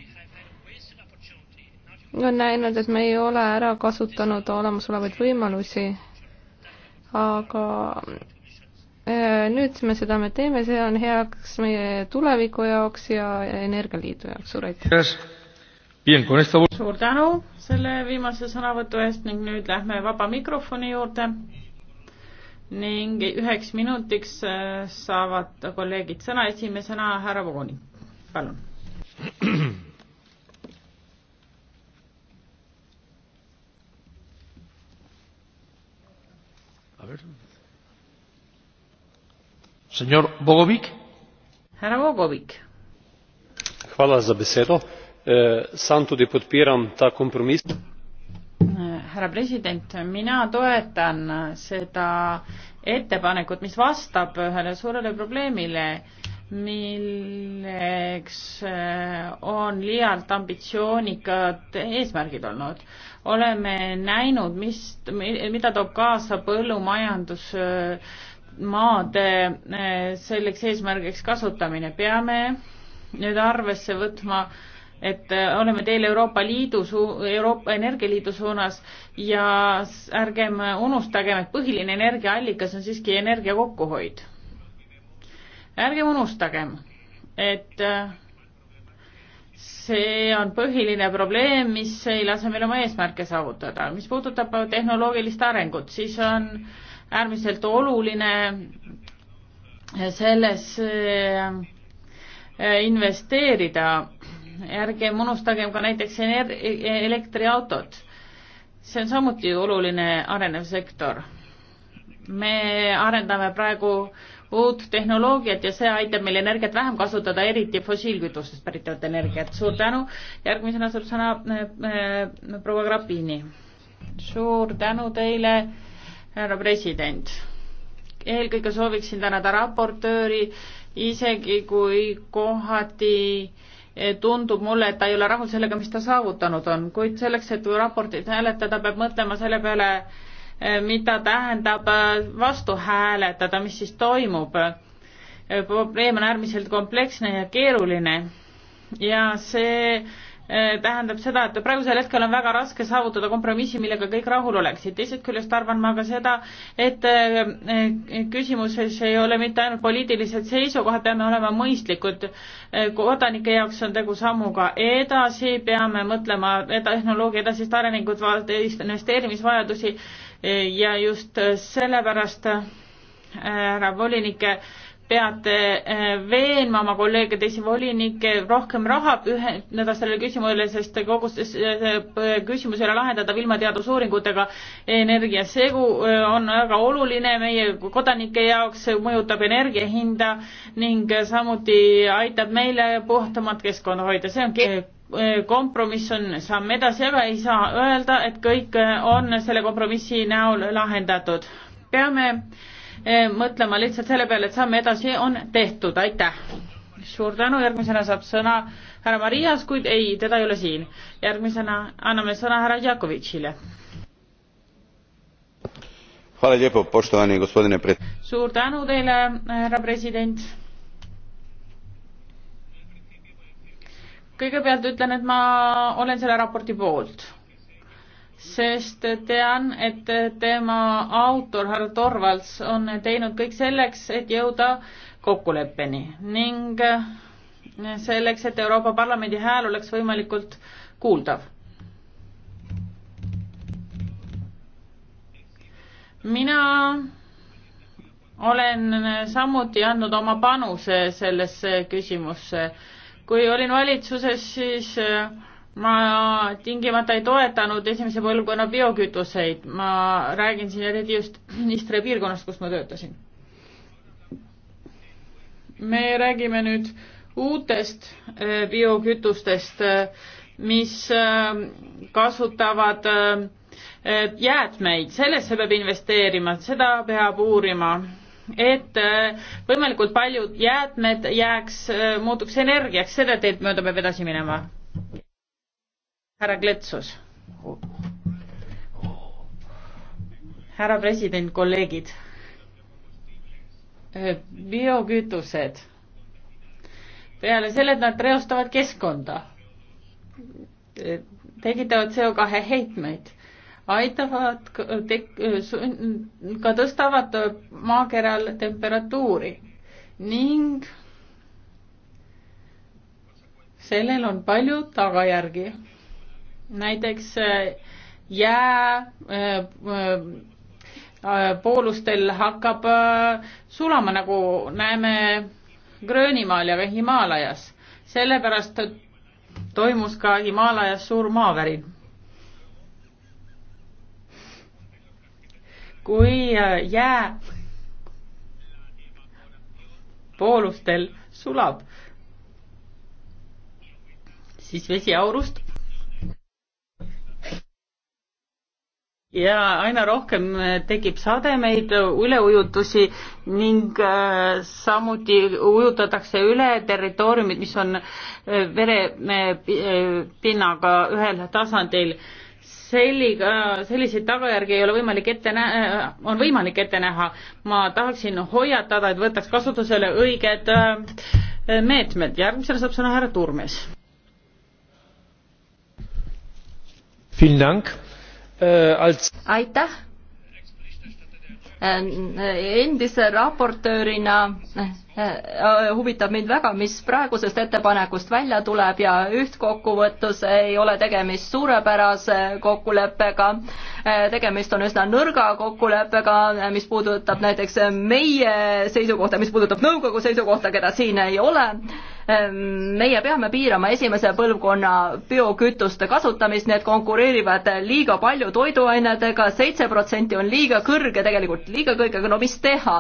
on näinud, et me ei ole ära kasutanud olemasolevaid võimalusi, aga eh, nüüd me seda me teeme, see on heaks meie tuleviku jaoks ja Energialiidu jaoks, suur aitäh! suur tänu selle viimase sõnavõtu eest ning nüüd lähme vaba mikrofoni juurde ning üheks minutiks äh, saavad kolleegid sõna, esimesena härra Vooni, palun. Senor Bogovic. Härra Bogovic. Hvala za besedo. E, sam tudi podpiram ta kompromiss härra president, mina toetan seda ettepanekut, mis vastab ühele suurele probleemile, milleks äh, on liialt ambitsioonikad eesmärgid olnud. oleme näinud, mis, mida toob kaasa põllumajandusmaade äh, äh, selleks eesmärgiks kasutamine, peame nüüd arvesse võtma äh, et äh, oleme teel Euroopa Liidu, Euroopa Energialiidu suunas ja ärgem unustagem, et põhiline energiaallikas on siiski energia kokkuhoid. ärgem unustagem, et äh, see on põhiline probleem, mis ei lase meil oma eesmärke saavutada. mis puudutab tehnoloogilist arengut, siis on äärmiselt oluline selles äh, investeerida ärgem unustagem ka näiteks ener-, elektriautot. see on samuti oluline arenev sektor. me arendame praegu uut tehnoloogiat ja see aitab meil energiat vähem kasutada, eriti fossiilkütustest päritavat energiat. suur tänu, järgmisena saab sõna äh, äh, proua Grappini. suur tänu teile, härra president. eelkõige sooviksin tänada raportööri, isegi kui kohati äh, Eh, tundub mulle, et ta ei ole rahul sellega, mis ta saavutanud on, kuid selleks, et raportit hääletada, peab mõtlema selle peale, eh, mida tähendab eh, vastu hääletada, mis siis toimub. probleem on äärmiselt kompleksne ja keeruline ja see Äh, tähendab seda, et praegusel hetkel on väga raske saavutada kompromissi, millega kõik rahul oleksid. teisest küljest arvan ma ka seda, et äh, äh, küsimuses ei ole mitte ainult poliitilised seisukohad, peame olema mõistlikud. kodanike jaoks on tegu sammuga edasi, peame mõtlema tehnoloogia edasist arengut, investeerimisvajadusi ja just sellepärast härra volinike äh, peate eh, veenma oma kolleege, teisi volinikke rohkem raha pühendada sellele küsimusele, sest kogu see eh, küsimus ei ole lahendatav ilma teadusuuringutega. energiasegu eh, on väga oluline meie kodanike jaoks, mõjutab energia hinda ning samuti aitab meile puhtamat keskkonda hoida, see on kompromiss on samm edasi, aga ei saa öelda, et kõik on selle kompromissi näol lahendatud. peame äh, Eh, mõtlema lihtsalt selle peale, et samme edasi on tehtud, aitäh. suur tänu, järgmisena saab sõna härra Marias, kuid ei, teda ei ole siin. järgmisena anname sõna härra Jakovitšile. suur tänu teile, härra president. kõigepealt ütlen, et ma olen selle raporti poolt sest tean, et tema autor, härra Torvalds, on teinud kõik selleks, et jõuda kokkuleppeni ning selleks, et Euroopa Parlamendi hääl oleks võimalikult kuuldav. mina olen samuti andnud oma panuse sellesse küsimusse. kui olin valitsuses, siis äh, ma tingimata ei toetanud esimese põlvkonna biokütuseid, ma räägin siin eriti just Istre piirkonnast, kus ma töötasin. me räägime nüüd uutest eh, biokütustest, eh, mis eh, kasutavad jäätmeid, sellesse peab investeerima, seda peab uurima, et võimalikult paljud jäätmed jääks, muutuks energiaks, selle teed mööda peab edasi minema härra Kletsos. härra president, kolleegid. Äh, biokütused. peale selle, et nad reostavad keskkonda, äh, tekitavad CO kahe heitmeid, aitavad äh, ka tõstavad maakeral temperatuuri ning sellel on palju tagajärgi näiteks äh, jää äh, äh, poolustel hakkab sulama, nagu näeme Gröönimaal ja ka Himaalajas. sellepärast toimus ka Himaalajas suur maavärin. kui jää poolustel sulab, siis vesi aurust ja aina rohkem äh, tekib sademeid, äh, üleujutusi ning äh, samuti ujutatakse üle territooriumid, mis on verepinnaga ühel tasandil. selliga, selliseid tagajärgi ei ole võimalik ette näha, on võimalik ette näha. ma tahaksin hoiatada, et võtaks kasutusele õiged meetmed. järgmisena saab sõna härra Turmes. Vielen Dank Äh, aitäh! Äh, endise raportöörina äh, huvitab mind väga, mis praegusest ettepanekust välja tuleb ja ühtkokkuvõttes ei ole tegemist suurepärase kokkuleppega. tegemist on üsna nõrga kokkuleppega, mis puudutab näiteks meie seisukohta, mis puudutab nõukogu seisukohta, keda siin ei ole Ehm, meie peame piirama esimese põlvkonna biokütuste kasutamist, need konkureerivad liiga palju toiduainetega, seitse protsenti on liiga kõrge, tegelikult liiga kõrge, aga no mis teha.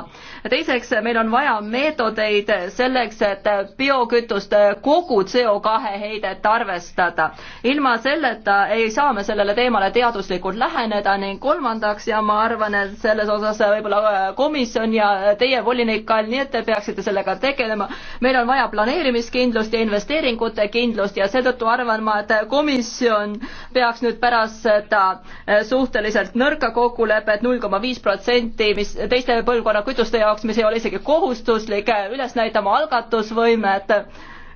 teiseks, meil on vaja meetodeid selleks, et biokütuste kogu CO2 heidet arvestada. ilma selleta ei saa me sellele teemale teaduslikult läheneda ning kolmandaks ja ma arvan, et selles osas võib-olla äh, komisjon ja teie volinik Kall, nii et te peaksite sellega tegelema, meil on vaja planeerimist, investeerimiskindlust ja investeeringute kindlust ja seetõttu arvan ma, et komisjon peaks nüüd pärast seda eh, suhteliselt nõrka kokkulepet null koma viis protsenti, mis teiste põlvkonna kütuste jaoks, mis ei ole isegi kohustuslik, eh, üles näitama algatusvõimet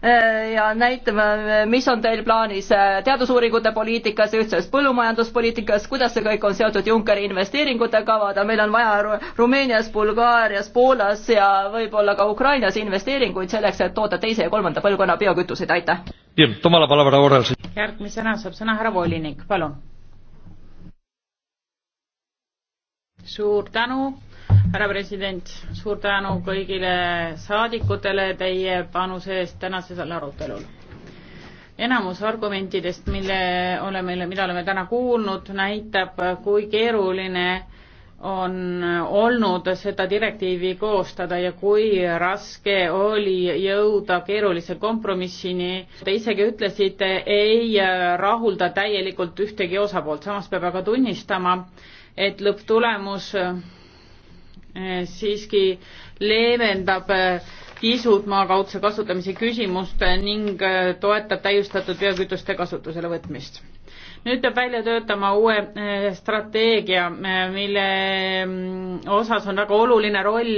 Äh, ja näitame, mis on teil plaanis äh, teadusuuringute poliitikas, ühtses põllumajanduspoliitikas, kuidas see kõik on seotud Junckeri investeeringute kavaga, meil on vaja Rumeenias, Bulgaarias, Poolas ja võib-olla ka Ukrainas investeeringuid selleks, et toota teise ja kolmanda põlvkonna biokütuseid, aitäh! järgmisena saab sõna härra volinik, palun! suur tänu härra president, suur tänu kõigile saadikutele teie panuse eest tänasel arutelul. enamus argumentidest, mille oleme, mida oleme täna kuulnud, näitab, kui keeruline on olnud seda direktiivi koostada ja kui raske oli jõuda keerulise kompromissini. Te isegi ütlesite, ei rahulda täielikult ühtegi osapoolt, samas peab aga tunnistama, et lõpptulemus Eh, siiski leevendab pisut eh, maakaudse kasutamise küsimust eh, ning toetab täiustatud biokütuste kasutusele võtmist. nüüd peab välja töötama uue strateegia, mille mm, osas on väga oluline roll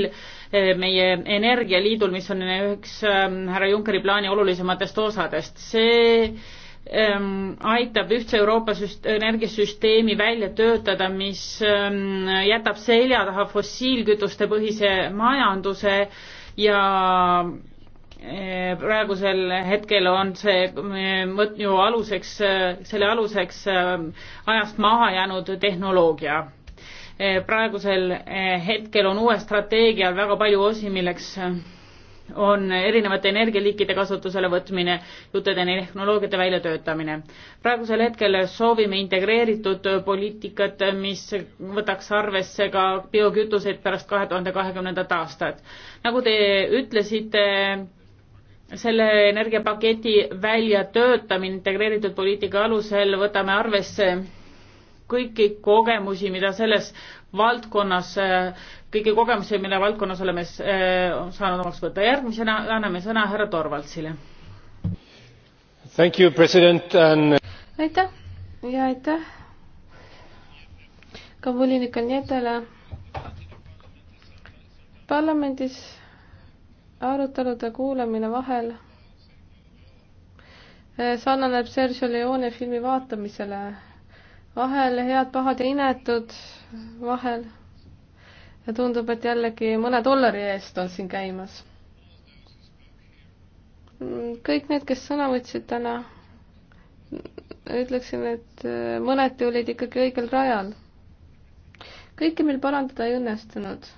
meie Energialiidul, mis on üks härra Junckeri plaani olulisematest osadest. see ähm, aitab ühtse Euroopa süst-, energiasüsteemi välja töötada, mis ähm, jätab selja taha fossiilkütuste põhise majanduse ja äh, praegusel hetkel on see äh, ju aluseks äh,, selle aluseks äh, ajast maha jäänud tehnoloogia. Äh, praegusel äh, hetkel on uue strateegial väga palju osi, milleks on erinevate energialiikide kasutusele võtmine, juttede ja tehnoloogiate väljatöötamine. praegusel hetkel soovime integreeritud poliitikat, mis võtaks arvesse ka biokütuseid pärast kahe tuhande kahekümnendat aastat. nagu te ütlesite, selle energiapaketi väljatöötamine integreeritud poliitika alusel võtame arvesse kõiki kogemusi, mida selles valdkonnas õiguslikke kogemusi, mille valdkonnas oleme äh, saanud omaks võtta. järgmisena anname sõna härra Torvaldsile. And... aitäh ja aitäh ka volinik Anjetele. parlamendis arutelude kuulamine vahel äh, sarnaneb Sergio Leone filmi vaatamisele. vahel head, pahad ja inetud, vahel ja tundub, et jällegi mõne dollari eest on siin käimas. kõik need, kes sõna võtsid täna, ütleksin, et äh, mõneti olid ikkagi õigel rajal. kõike meil parandada ei õnnestunud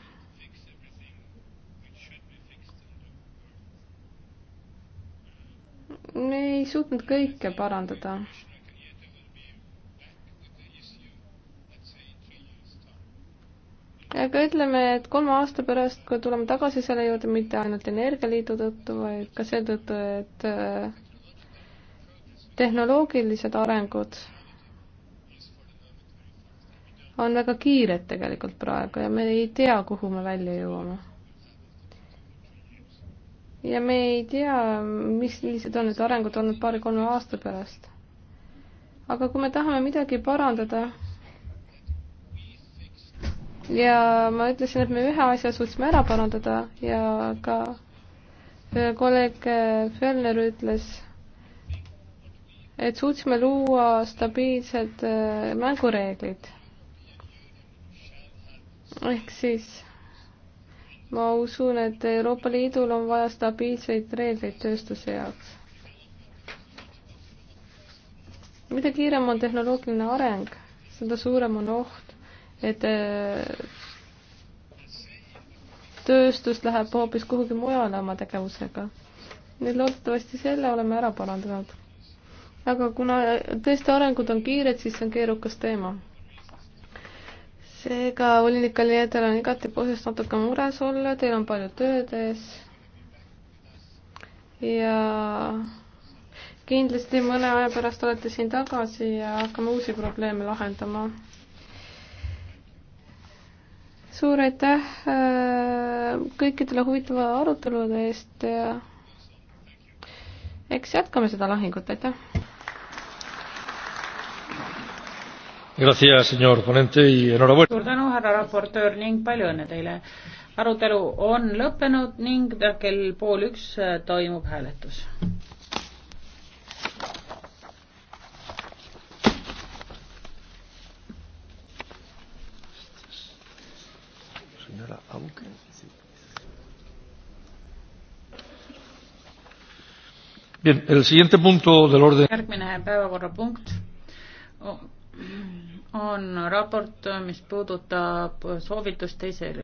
me ei suutnud kõike parandada. aga ütleme, et kolme aasta pärast, kui tuleme tagasi selle juurde, mitte ainult Energialiidu tõttu, vaid ka seetõttu, et äh, tehnoloogilised arengud on väga kiired tegelikult praegu ja me ei tea, kuhu me välja jõuame. ja me ei tea, mis, millised on need arengud olnud paari-kolme aasta pärast. aga kui me tahame midagi parandada, ja ma ütlesin, et me ühe asja suutsime ära parandada ja ka äh, kolleeg äh, Fjellner ütles, et suutsime luua stabiilsed äh, mängureeglid. ehk siis ma usun, et Euroopa Liidul on vaja stabiilseid reegleid tööstuse jaoks. mida kiirem on tehnoloogiline areng, seda suurem on oht, et äh, tööstust läheb hoopis kuhugi mujale oma tegevusega. nii et loodetavasti selle oleme ära parandanud. aga kuna tõesti arengud on kiired, siis see on keerukas teema. seega volinik Kaljetel on igati põhjust natuke mures olla, teil on palju tööd ees ja kindlasti mõne aja pärast olete siin tagasi ja hakkame uusi probleeme lahendama suur aitäh äh, kõikidele huvitava arutelude eest ja eks jätkame seda lahingut, aitäh. suur tänu, härra raportöör ning palju õnne teile. arutelu on lõppenud ning kell pool üks toimub hääletus. Herra Auke. Bien, el siguiente punto del orden. järgmine päevakorrapunkt on raport, mis puudutab soovitust teisele.